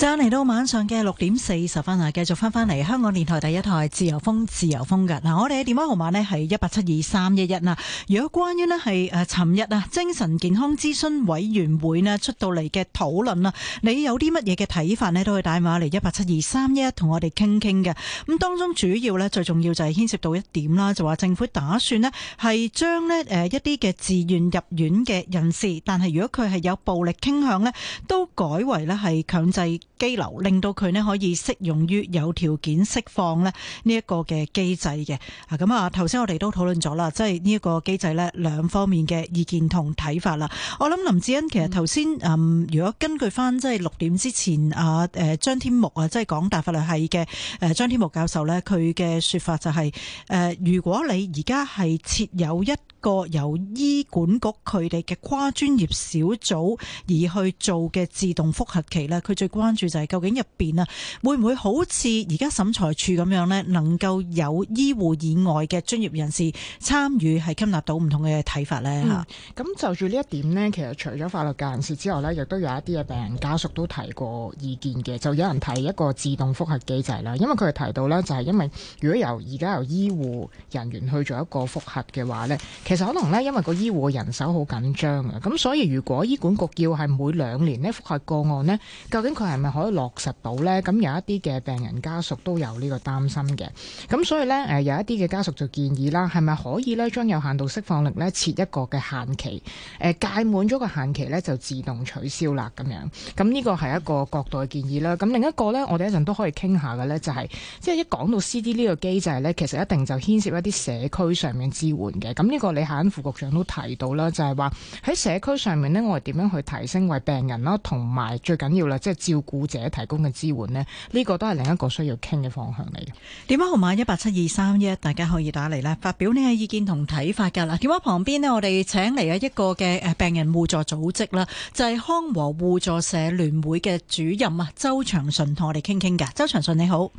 上嚟到晚上嘅六點四十分啊，繼續翻翻嚟香港電台第一台自由風，自由風嘅嗱，我哋嘅電話號碼呢係一八七二三一一啦，如果關於呢係誒，尋日啊，精神健康諮詢委員會呢出到嚟嘅討論啦，你有啲乜嘢嘅睇法呢都可以打電話嚟一八七二三一同我哋傾傾嘅。咁當中主要呢，最重要就係牽涉到一點啦，就話政府打算呢係將呢誒一啲嘅自願入院嘅人士，但係如果佢係有暴力傾向呢，都改為呢係強制。基流令到佢呢可以適用於有條件釋放咧呢一個嘅機制嘅啊。咁啊頭先我哋都討論咗啦，即係呢一個機制咧兩方面嘅意見同睇法啦。我諗林志恩其實頭先嗯，如果根據翻，即係六點之前啊誒，張天目啊，即係港大法律系嘅誒張天目教授咧，佢嘅說法就係，是，誒，如果你而家係設有一個由醫管局佢哋嘅跨專業小組而去做嘅自動複核期呢，佢最關注就係究竟入邊啊，會唔會好似而家審裁處咁樣呢？能夠有醫護以外嘅專業人士參與係吸納到唔同嘅睇法呢？嚇、嗯，咁就住呢一點呢，其實除咗法律界人士之外呢，亦都有一啲嘅病人家屬都提過意見嘅，就有人提一個自動複核機制啦，因為佢哋提到咧，就係因為如果由而家由醫護人員去做一個複核嘅話呢。其可能咧，因為個醫護人手好緊張嘅，咁所以如果醫管局要係每兩年咧覆核個案咧，究竟佢係咪可以落實到呢？咁有一啲嘅病人家屬都有呢個擔心嘅，咁所以呢，誒、呃、有一啲嘅家屬就建議啦，係咪可以咧將有限度釋放令呢，設一個嘅限期？誒、呃、屆滿咗個限期呢，就自動取消啦咁樣。咁呢個係一個角度嘅建議啦。咁另一個呢，我哋一陣都可以傾下嘅呢、就是，就係即係一講到 CD 呢個機制呢，其實一定就牽涉一啲社區上面支援嘅。咁呢、呢個。李肯副局長都提到啦，就係話喺社區上面咧，我哋點樣去提升為病人啦，同埋最緊要啦，即係照顧者提供嘅支援咧，呢個都係另一個需要傾嘅方向嚟嘅。電話號碼一八七二三一，17231，大家可以打嚟啦，發表你嘅意見同睇法噶啦。電話旁邊咧，我哋請嚟啊一個嘅誒病人互助組織啦，就係、是、康和互助社聯會嘅主任啊鄒長順同我哋傾傾嘅。鄒長順你好。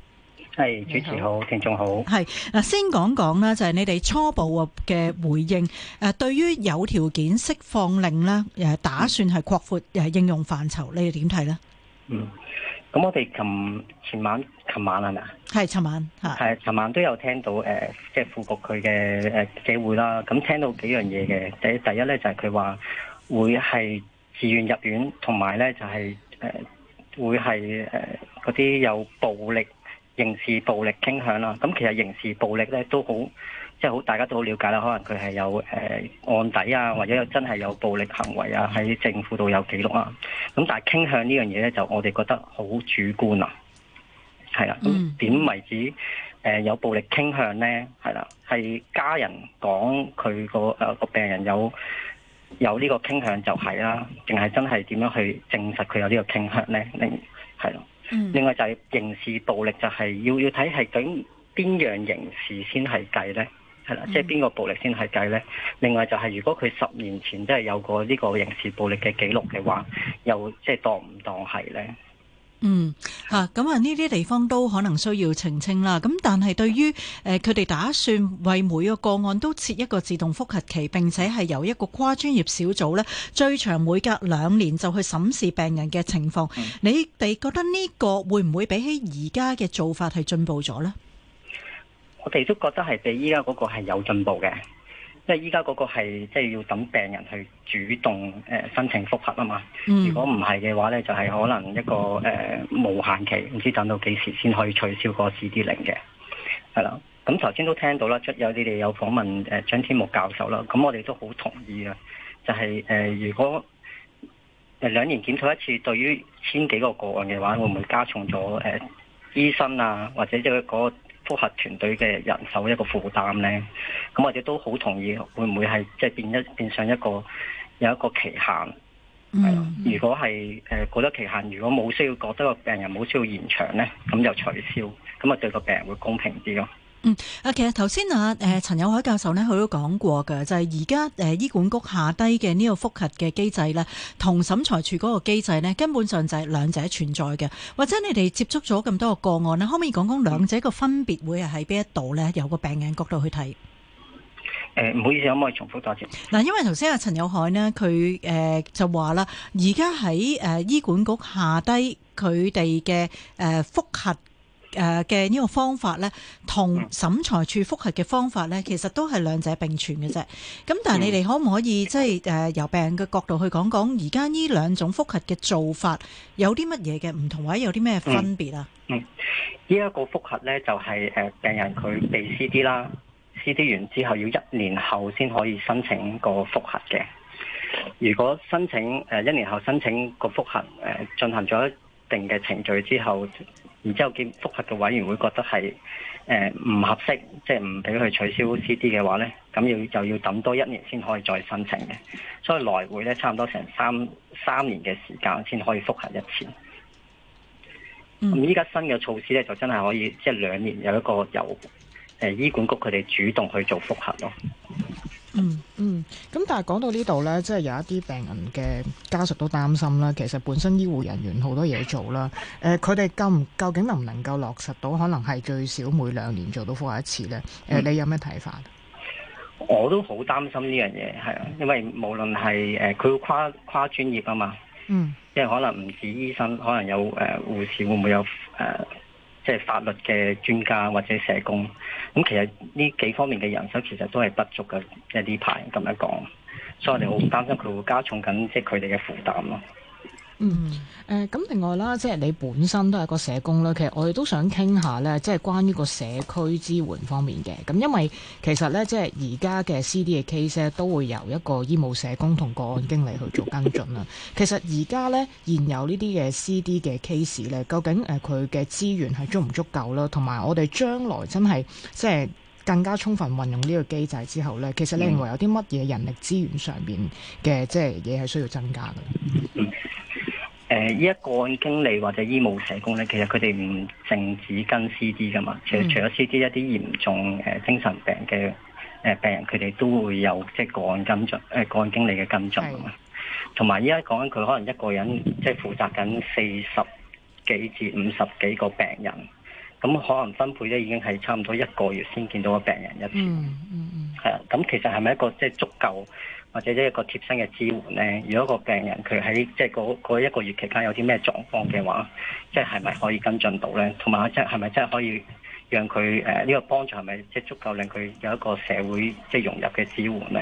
係主持好，好，聽眾好。係嗱，先講講啦，就係、是、你哋初步嘅回應。誒，對於有條件釋放令咧，誒，打算係擴闊誒應用範疇，你哋點睇呢？嗯，咁我哋琴前晚、琴晚係咪啊？係琴晚吓。係琴晚都有聽到，誒、呃，即係副局佢嘅誒嘅會啦。咁聽到幾樣嘢嘅、嗯，第第一咧就係佢話會係自願入院，同埋咧就係、是、誒、呃、會係誒嗰啲有暴力。刑事暴力傾向啦，咁其實刑事暴力咧都好，即係好大家都好了解啦。可能佢係有誒案底啊，或者有真係有暴力行為啊，喺政府度有記錄啊。咁但係傾向呢樣嘢咧，就我哋覺得好主觀啊。係啊，點為止誒有暴力傾向咧？係啦，係家人講佢個誒個病人有有呢個傾向就係啦，定係真係點樣去證實佢有呢個傾向咧？係咯。另外就係刑事暴力就是，就係要要睇係究竟邊樣刑事先係計咧，係啦，即係邊個暴力先係計咧？另外就係如果佢十年前即係有過呢個刑事暴力嘅記錄嘅話，又即係當唔當係咧？嗯吓，咁啊呢啲地方都可能需要澄清啦。咁但係對於誒，佢哋打算為每個個案都設一個自動覆核期，並且係由一個跨專業小組咧，最長每隔兩年就去審視病人嘅情況。你哋覺得呢個會唔會比起而家嘅做法係進步咗咧？我哋都覺得係比依家嗰個係有進步嘅。即係依家嗰個係即係要等病人去主動誒、呃、申請覆核啊嘛，mm. 如果唔係嘅話咧，就係、是、可能一個誒、呃、無限期，唔知等到幾時先可以取消個 CDO 嘅，係啦。咁頭先都聽到啦，出有你哋有訪問誒、呃、張天目教授啦，咁我哋都好同意啊，就係、是、誒、呃、如果誒兩年檢討一次，對於千幾個個案嘅話，會唔會加重咗誒、呃、醫生啊或者即係嗰複核團隊嘅人手一個負擔咧，咁或者都好同意會不會，會唔會係即係變一變上一個有一個期限？係咯，mm-hmm. 如果係誒過咗期限，如果冇需要，覺得個病人冇需要延長咧，咁就取消，咁啊對個病人會公平啲咯。嗯，啊，其實頭先啊，誒、呃，陳友凱教授咧，佢都講過噶，就係而家誒醫管局下低嘅呢個復核嘅機制咧，同審裁處嗰個機制呢，機制呢根本上就係兩者存在嘅。或者你哋接觸咗咁多個個案呢，可唔可以講講兩者個分別會係喺邊一度呢？由個病人角度去睇。誒、呃，唔好意思，可唔可以重複多一次？嗱，因為頭先阿陳友凱呢，佢誒、呃、就話啦，而家喺誒醫管局下低，佢哋嘅誒復核。誒嘅呢個方法呢，同審裁處複核嘅方法呢，其實都係兩者並存嘅啫。咁但係你哋可唔可以即係誒由病人嘅角度去講講，而家呢兩種複核嘅做法有啲乜嘢嘅唔同，或者有啲咩分別啊？嗯，呢一個複核呢，就係誒病人佢被 C D 啦，C D 完之後要一年後先可以申請個複核嘅。如果申請誒一年後申請個複核，誒進行咗一定嘅程序之後。然之後，見複核嘅委員會覺得係誒唔合適，即係唔俾佢取消 CD 嘅話咧，咁要就要等多一年先可以再申請嘅，所以來回咧差唔多成三三年嘅時間先可以複核一次。咁依家新嘅措施咧，就真係可以即係、就是、兩年有一個由誒、呃、醫管局佢哋主動去做複核咯。嗯嗯，咁、嗯、但係講到呢度呢，即係有一啲病人嘅家屬都擔心啦。其實本身醫護人員好多嘢做啦，誒、呃，佢哋夠究竟能唔能夠落實到可能係最少每兩年做到覆一次呢？誒、呃，你有咩睇法，嗯？我都好擔心呢樣嘢，係因為無論係誒，佢、呃、會跨跨專業啊嘛，嗯，因為可能唔止醫生，可能有誒護、呃、士會唔會有誒？呃即係法律嘅專家或者社工，咁其實呢幾方面嘅人手其實都係不足嘅，即係呢排咁樣講，所以我哋好擔心佢會加重緊即係佢哋嘅負擔咯。嗯，誒、呃，咁另外啦，即係你本身都係個社工啦，其實我哋都想傾下咧，即係關於個社區支援方面嘅。咁因為其實咧，即係而家嘅 C D 嘅 case 咧，都會由一個醫務社工同個案經理去做跟進啦。 其實而家咧，現有呢啲嘅 C D 嘅 case 咧，究竟，誒佢嘅資源係足唔足夠啦？同埋我哋將來真係即係更加充分運用呢個機制之後咧，其實你認為有啲乜嘢人力資源上面嘅即係嘢係需要增加嘅？ 誒依家個案經理或者醫務社工咧，其實佢哋唔淨止跟 CD 噶嘛，其、嗯、實除咗 CD 一啲嚴重精神病嘅病人，佢哋都會有即係個案跟進誒個案經理嘅跟進啊嘛。同埋依家講緊佢可能一個人即係、就是、負責緊四十幾至五十幾個病人，咁可能分配咧已經係差唔多一個月先見到個病人一次。嗯嗯，係啊，咁其實係咪一個即係、就是、足夠？或者一個貼身嘅支援呢。如果個病人佢喺即係嗰嗰一個月期間有啲咩狀況嘅話，即係咪可以跟進到呢？同埋即係係咪真係可以讓佢誒呢個幫助係咪即係足夠令佢有一個社會即係融入嘅支援呢？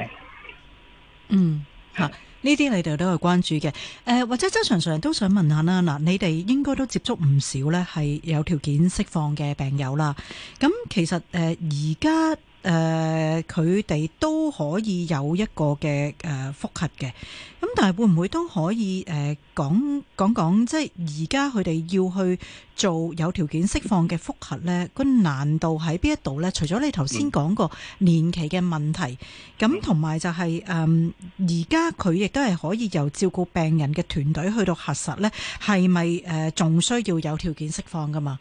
嗯，嚇，呢、啊、啲你哋都係關注嘅，誒、呃、或者鄒長順都想問下啦，嗱，你哋應該都接觸唔少呢係有條件釋放嘅病友啦。咁其實誒而家，呃誒、呃，佢哋都可以有一個嘅誒複核嘅，咁但係會唔會都可以誒講講講，即係而家佢哋要去做有條件釋放嘅複核呢？佢、那個、難度喺邊一度呢？除咗你頭先講過年期嘅問題，咁同埋就係、是、誒，而家佢亦都係可以由照顧病人嘅團隊去到核實呢？係咪誒仲需要有條件釋放噶嘛？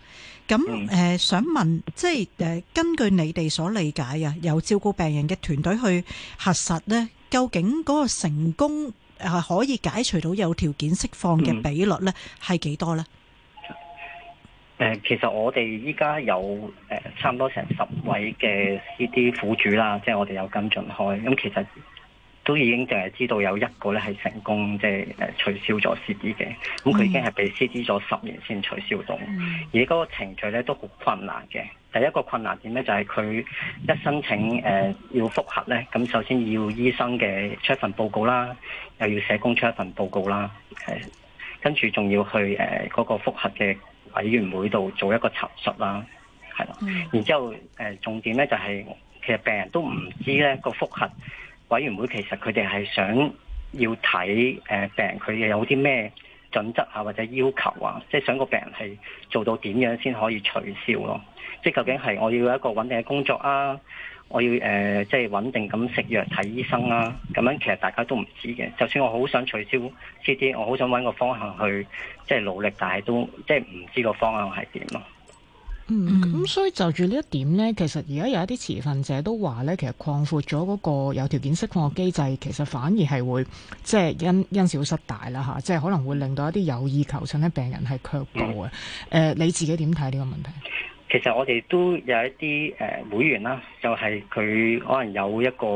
咁誒想問，即係誒根據你哋所理解啊，由照顧病人嘅團隊去核實呢，究竟嗰個成功誒可以解除到有條件釋放嘅比率呢，係幾多呢？誒，其實我哋依家有誒差唔多成十位嘅呢啲苦主啦，即係我哋有跟進開，咁其實。都已經淨係知道有一個咧係成功，即係誒取消咗 CD 嘅。咁佢已經係被 CD 咗十年先取消到，而嗰個程序咧都好困難嘅。第一個困難點咧就係佢一申請誒要覆核咧，咁首先要醫生嘅出一份報告啦，又要社工出一份報告啦，係跟住仲要去誒嗰個覆核嘅委員會度做一個查實啦，係啦。然之後誒重點咧就係其實病人都唔知咧個覆核委員會其實佢哋係想要睇誒病人，佢哋有啲咩準則啊，或者要求啊，即係想個病人係做到點樣先可以取消咯、啊。即係究竟係我要有一個穩定嘅工作啊，我要誒、呃、即係穩定咁食藥睇醫生啦、啊。咁樣其實大家都唔知嘅。就算我好想取消呢啲，我好想揾個方向去即係努力，但係都即係唔知個方向係點咯。嗯，咁、嗯嗯、所以就住呢一點咧，其實而家有一啲持份者都話咧，其實擴闊咗嗰個有條件釋放嘅機制，其實反而係會即係因因小失大啦吓，即係可能會令到一啲有意求診嘅病人係卻步嘅。誒、嗯呃，你自己點睇呢個問題？其實我哋都有一啲誒、呃、會員啦，就係、是、佢可能有一個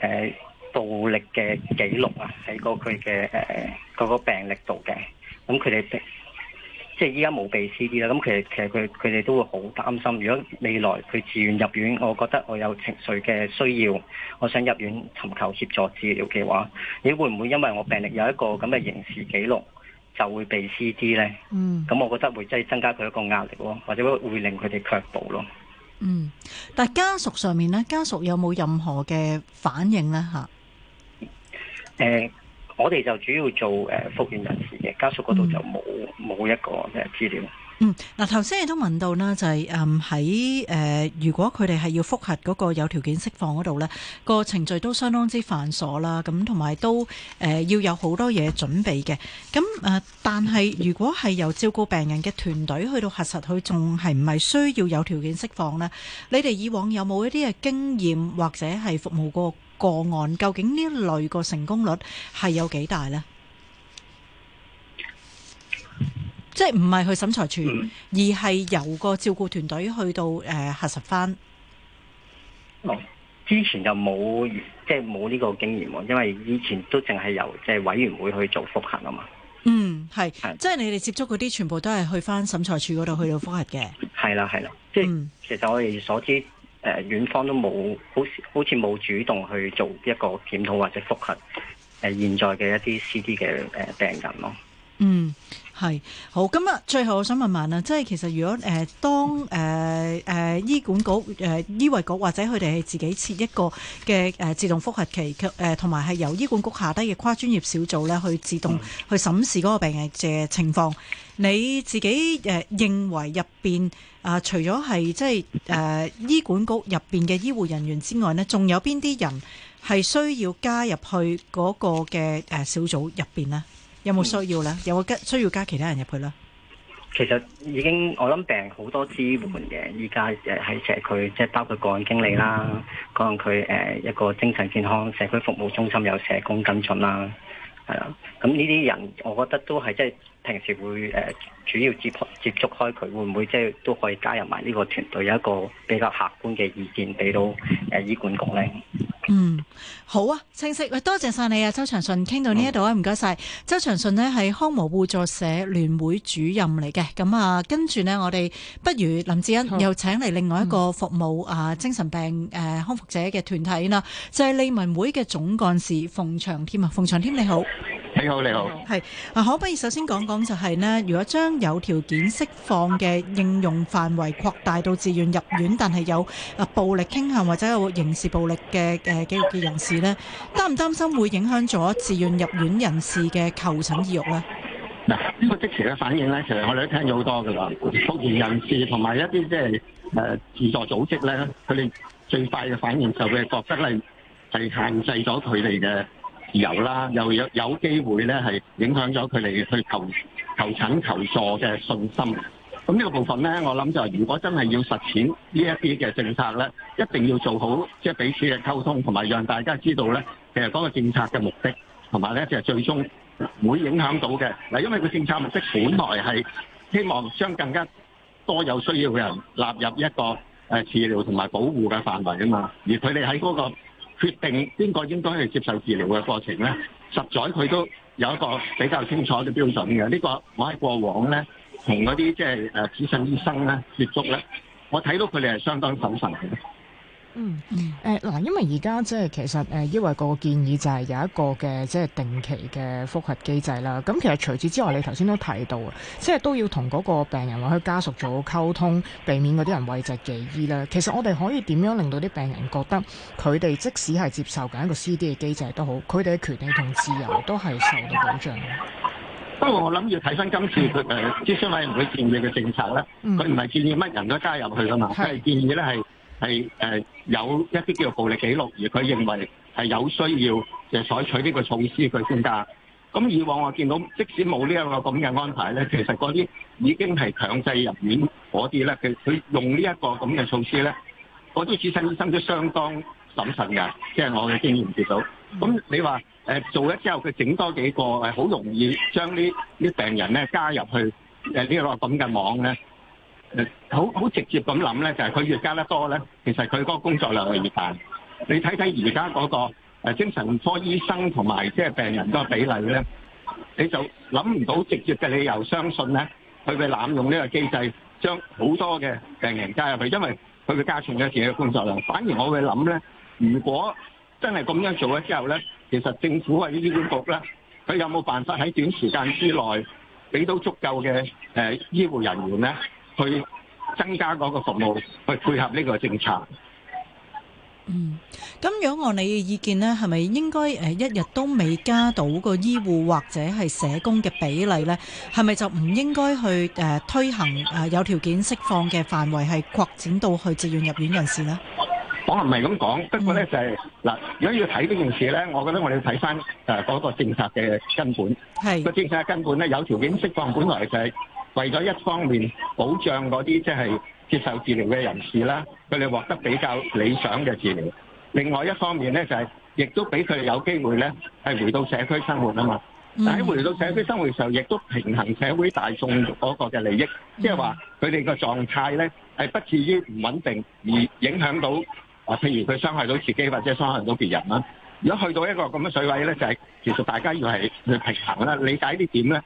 誒暴、呃、力嘅記錄啊，喺個佢嘅誒嗰個病歷度嘅，咁佢哋。即係依家冇被 C.D. 啦，咁其實其實佢佢哋都會好擔心。如果未來佢自願入院，我覺得我有情緒嘅需要，我想入院尋求協助治療嘅話，咦會唔會因為我病歷有一個咁嘅刑事記錄，就會被 C.D. 呢？嗯，咁我覺得會即係增加佢一個壓力咯，或者會令佢哋卻步咯。嗯，但係家屬上面呢，家屬有冇任何嘅反應呢？吓、欸？誒。我哋就主要做誒復原人士嘅，家屬嗰度就冇冇、嗯、一個咩資料。嗯，嗱頭先亦都問到啦，就係誒喺誒如果佢哋係要複核嗰個有條件釋放嗰度咧，嗰個程序都相當之繁瑣啦。咁同埋都誒要有好多嘢準備嘅。咁誒、呃，但係如果係由照顧病人嘅團隊去到核實，佢仲係唔係需要有條件釋放咧？你哋以往有冇一啲嘅經驗或者係服務過個案究竟呢一類個成功率係有幾大呢？即係唔係去審裁處，而係由個照顧團隊去到誒、呃、核實翻。哦，之前就冇，即係冇呢個經驗，因為以前都淨係由即係委員會去做覆核啊嘛。嗯，係，即係你哋接觸嗰啲全部都係去翻審裁處嗰度去到覆核嘅。係啦，係啦，即係、嗯、其實我哋所知。誒、呃，院方都冇，好似好似冇主動去做一個檢討或者復核誒、呃，現在嘅一啲 C D 嘅誒病、呃、人咯。嗯，係好，咁啊，最後我想問問啊，即係其實如果誒、呃，當誒誒、呃、醫管局誒、呃、醫衛局或者佢哋係自己設一個嘅誒自動復核期，誒同埋係由醫管局下低嘅跨專業小組呢去自動去審視嗰個病人嘅情況、嗯，你自己誒、呃、認為入邊？啊！除咗係即係誒，呃、 醫管局入邊嘅醫護人員之外呢，仲有邊啲人係需要加入去嗰個嘅誒小組入邊呢？有冇需要呢？有冇加需要加其他人入去呢？其實已經我諗病好多支援嘅，而家誒喺社區即係包括個案經理啦、嗯，可能佢誒一個精神健康社區服務中心有社工跟進啦。係啊，咁呢啲人，我覺得都係即係平時會誒主要接觸接觸開佢，會唔會即係都可以加入埋呢個團隊，有一個比較客觀嘅意見俾到誒醫管局咧？嗯，好啊，清晰喂，多謝晒你啊，鄒長順，傾到呢一度啊，唔該晒。鄒長順咧係康和互助社聯會主任嚟嘅。咁啊，跟住咧我哋不如林志恩又請嚟另外一個服務啊精神病誒康復者嘅團體啦，就係利民會嘅總幹事馮祥添啊，馮祥添你好。你好，你好。係啊，可唔可以首先講講就係咧，如果將有條件釋放嘅應用範圍擴大到自願入院，但係有啊暴力傾向或者有刑事暴力嘅嘅嘅人士咧，擔唔擔心會影響咗自願入院人士嘅求診意欲咧？嗱，呢個即時嘅反應咧，其實我哋都聽咗好多噶啦，復元人士同埋一啲即係誒自助組織咧，佢哋最快嘅反應就係覺得係係限制咗佢哋嘅。自由啦，又有有機會咧，係影響咗佢哋去求求診求助嘅信心。咁呢個部分咧，我諗就係如果真係要實踐呢一啲嘅政策咧，一定要做好即係彼此嘅溝通，同埋讓大家知道咧，其實嗰個政策嘅目的，同埋咧即係最終會影響到嘅嗱，因為個政策目的本來係希望將更加多有需要嘅人納入一個誒治療同埋保護嘅範圍啊嘛，而佢哋喺嗰個。決定邊個應該去接受治療嘅過程咧，實在佢都有一個比較清楚嘅標準嘅。呢個我喺過往咧，同嗰啲即係誒主診醫生咧接觸咧，我睇到佢哋係相當謹慎嘅。嗯嗯，嗱，因為而家即係其實誒，因為嗰個建議就係有一個嘅即係定期嘅複核機制啦。咁其實除此之外，你頭先都提到啊，即係都要同嗰個病人或者家屬做好溝通，避免嗰啲人諱疾忌醫啦。其實我哋可以點樣令到啲病人覺得佢哋即使係接受緊一個 CD 嘅機制都好，佢哋嘅權利同自由都係受到保障嘅。不過我諗要睇翻今次誒諮詢委員會建議嘅政策啦，佢唔係建議乜人都加入去噶嘛，係、嗯、建議咧係。係誒有一啲叫暴力記錄，而佢認為係有需要就採取呢個措施佢先得。咁以往我見到即使冇呢一個咁嘅安排咧，其實嗰啲已經係強制入院嗰啲咧，佢佢用呢一個咁嘅措施咧，嗰啲主診醫生都相當審慎嘅，即係我嘅經驗見到。咁你話誒做咗之後，佢整多幾個誒，好容易將呢啲病人咧加入去誒呢個咁嘅網咧，好好直接咁諗咧，就係佢越加得多咧，其實佢個工作量係越大。你睇睇而家嗰個誒精神科醫生同埋即係病人嗰個比例咧，你就諗唔到直接嘅理由。相信咧，佢會濫用呢個機制，將好多嘅病人加入去，因為佢嘅加重咗自己嘅工作量。反而我會諗咧，如果真係咁樣做咗之後咧，其實政府或者醫管局咧，佢有冇辦法喺短時間之內俾到足夠嘅誒醫護人員咧？去增加嗰個服務，去配合呢個政策。嗯，咁樣按你嘅意見咧，係咪應該誒一日都未加到個醫護或者係社工嘅比例咧？係咪就唔應該去誒推行誒有條件釋放嘅範圍係擴展到去自願入院人士咧？我唔係咁講，不過咧就係嗱，如果要睇呢件事咧，我覺得我哋要睇翻誒嗰個政策嘅根本。係個政策嘅根本咧，有條件釋放本來就係。為咗一方面保障嗰啲即係接受治療嘅人士啦，佢哋獲得比較理想嘅治療；另外一方面咧，就係、是、亦都俾佢哋有機會咧係回到社區生活啊嘛。但喺回到社區生活上，亦都平衡社會大眾嗰個嘅利益，即係話佢哋個狀態咧係不至於唔穩定而影響到啊，譬如佢傷害到自己或者傷害到別人啦。如果去到一個咁嘅水位咧，就係、是、其實大家要係去平衡啦，理解呢啲點咧，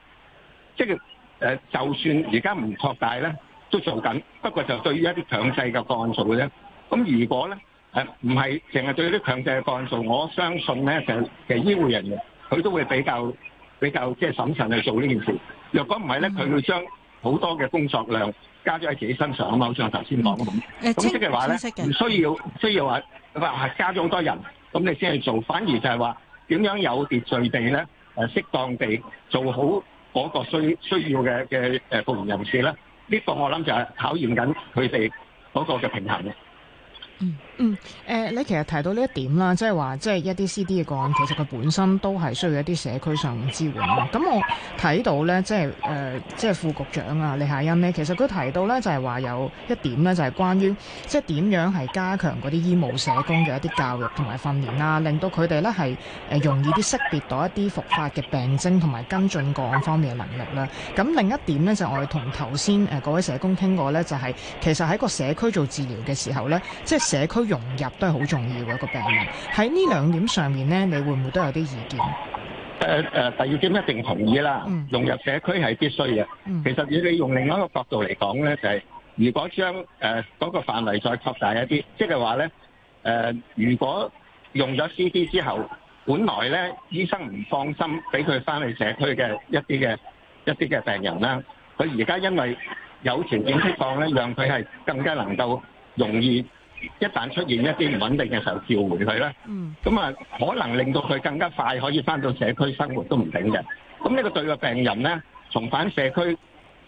即、就是誒，就算而家唔擴大咧，都做緊。不過就對於一啲強制嘅個案數嘅咧，咁如果咧誒唔係成日對啲強制嘅個案數，我相信咧就其、是、實醫護人員佢都會比較比較即係審慎去做呢件事。若果唔係咧，佢會將好多嘅工作量加咗喺自己身上，好似我頭先講咁。咁、嗯、即係話咧，唔需要需要話話係加咗好多人，咁你先去做。反而就係話點樣有秩序地咧，誒適當地做好。嗰、那個需需要嘅嘅，誒，服務人士咧，呢、這個我諗就係考驗緊佢哋嗰個嘅平衡。嗯嗯，誒、嗯呃，你其實提到呢一點啦，即係話，即、就、係、是、一啲 C.D. 嘅個案，其實佢本身都係需要一啲社區上面支援。咁我睇到呢，即係誒即係副局長啊李夏欣呢，其實佢提到呢，就係、是、話有一點呢，就係、是、關於即係點樣係加強嗰啲醫務社工嘅一啲教育同埋訓練啦、啊，令到佢哋呢係誒容易啲識別到一啲復發嘅病徵同埋跟進個案方面嘅能力啦、啊。咁另一點呢，就是、我哋同頭先誒嗰位社工傾過呢，就係、是、其實喺個社區做治療嘅時候呢。即、就、係、是社區融入都係好重要嘅一個病人，喺呢兩點上面咧，你會唔會都有啲意見？誒誒，第二點一定同意啦，融入社區係必須嘅、嗯。其實如你用另外一個角度嚟講咧，就係、是、如果將誒嗰、呃那個範圍再擴大一啲，即係話咧誒，如果用咗 CD 之後，本來咧醫生唔放心俾佢返去社區嘅一啲嘅一啲嘅病人啦，佢而家因為有條件釋放咧，讓佢係更加能夠容易。一旦出現一啲唔穩定嘅時候，召回佢咧，咁啊，可能令到佢更加快可以翻到社區生活都唔定嘅。咁呢個對個病人咧，重返社區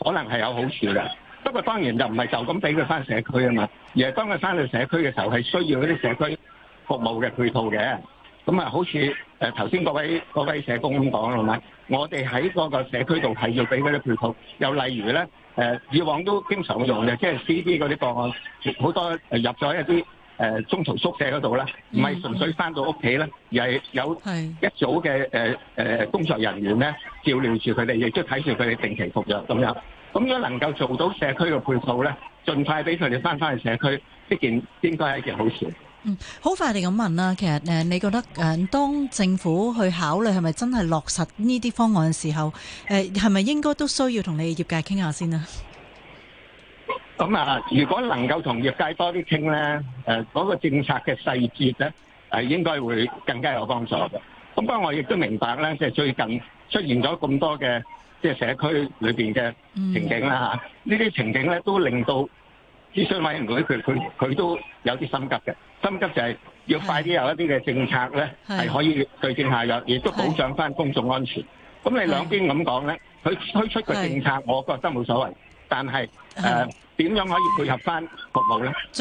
可能係有好處嘅。不過當然又不是就唔係就咁俾佢翻社區啊嘛，而係當佢翻到社區嘅時候，係需要嗰啲社區服務嘅配套嘅。咁啊，好似誒頭先各位各位社工講係咪？我哋喺嗰個社區度係要俾佢啲配套。又例如咧。誒、呃、以往都經常用嘅，即係 C D 嗰啲檔案，好多誒、呃、入咗一啲誒、呃、中途宿舍嗰度咧，唔係純粹翻到屋企咧，而係有一組嘅誒誒工作人員咧照料住佢哋，亦都睇住佢哋定期服藥咁樣，咁樣能夠做到社區嘅配套咧，盡快俾佢哋翻返去社區，呢件應該係一件好事。嗯，好快地咁問啦。其實，誒，你覺得誒，當政府去考慮係咪真係落實呢啲方案嘅時候，誒係咪應該都需要同你業界傾下先啊？咁啊，如果能夠同業界多啲傾咧，誒嗰個政策嘅細節咧，係應該會更加有幫助嘅。咁不過，我亦都明白咧，即係最近出現咗咁多嘅即係社區裏邊嘅情景啦。嚇，呢啲情景咧都令到諮詢委員會佢佢佢都有啲心急嘅。心急就係要快啲有一啲嘅政策咧，係可以對症下藥，亦都保障翻公眾安全。咁你兩邊咁講咧，佢推出嘅政策，我覺得都冇所謂。但係誒，點樣可以配合翻服務咧？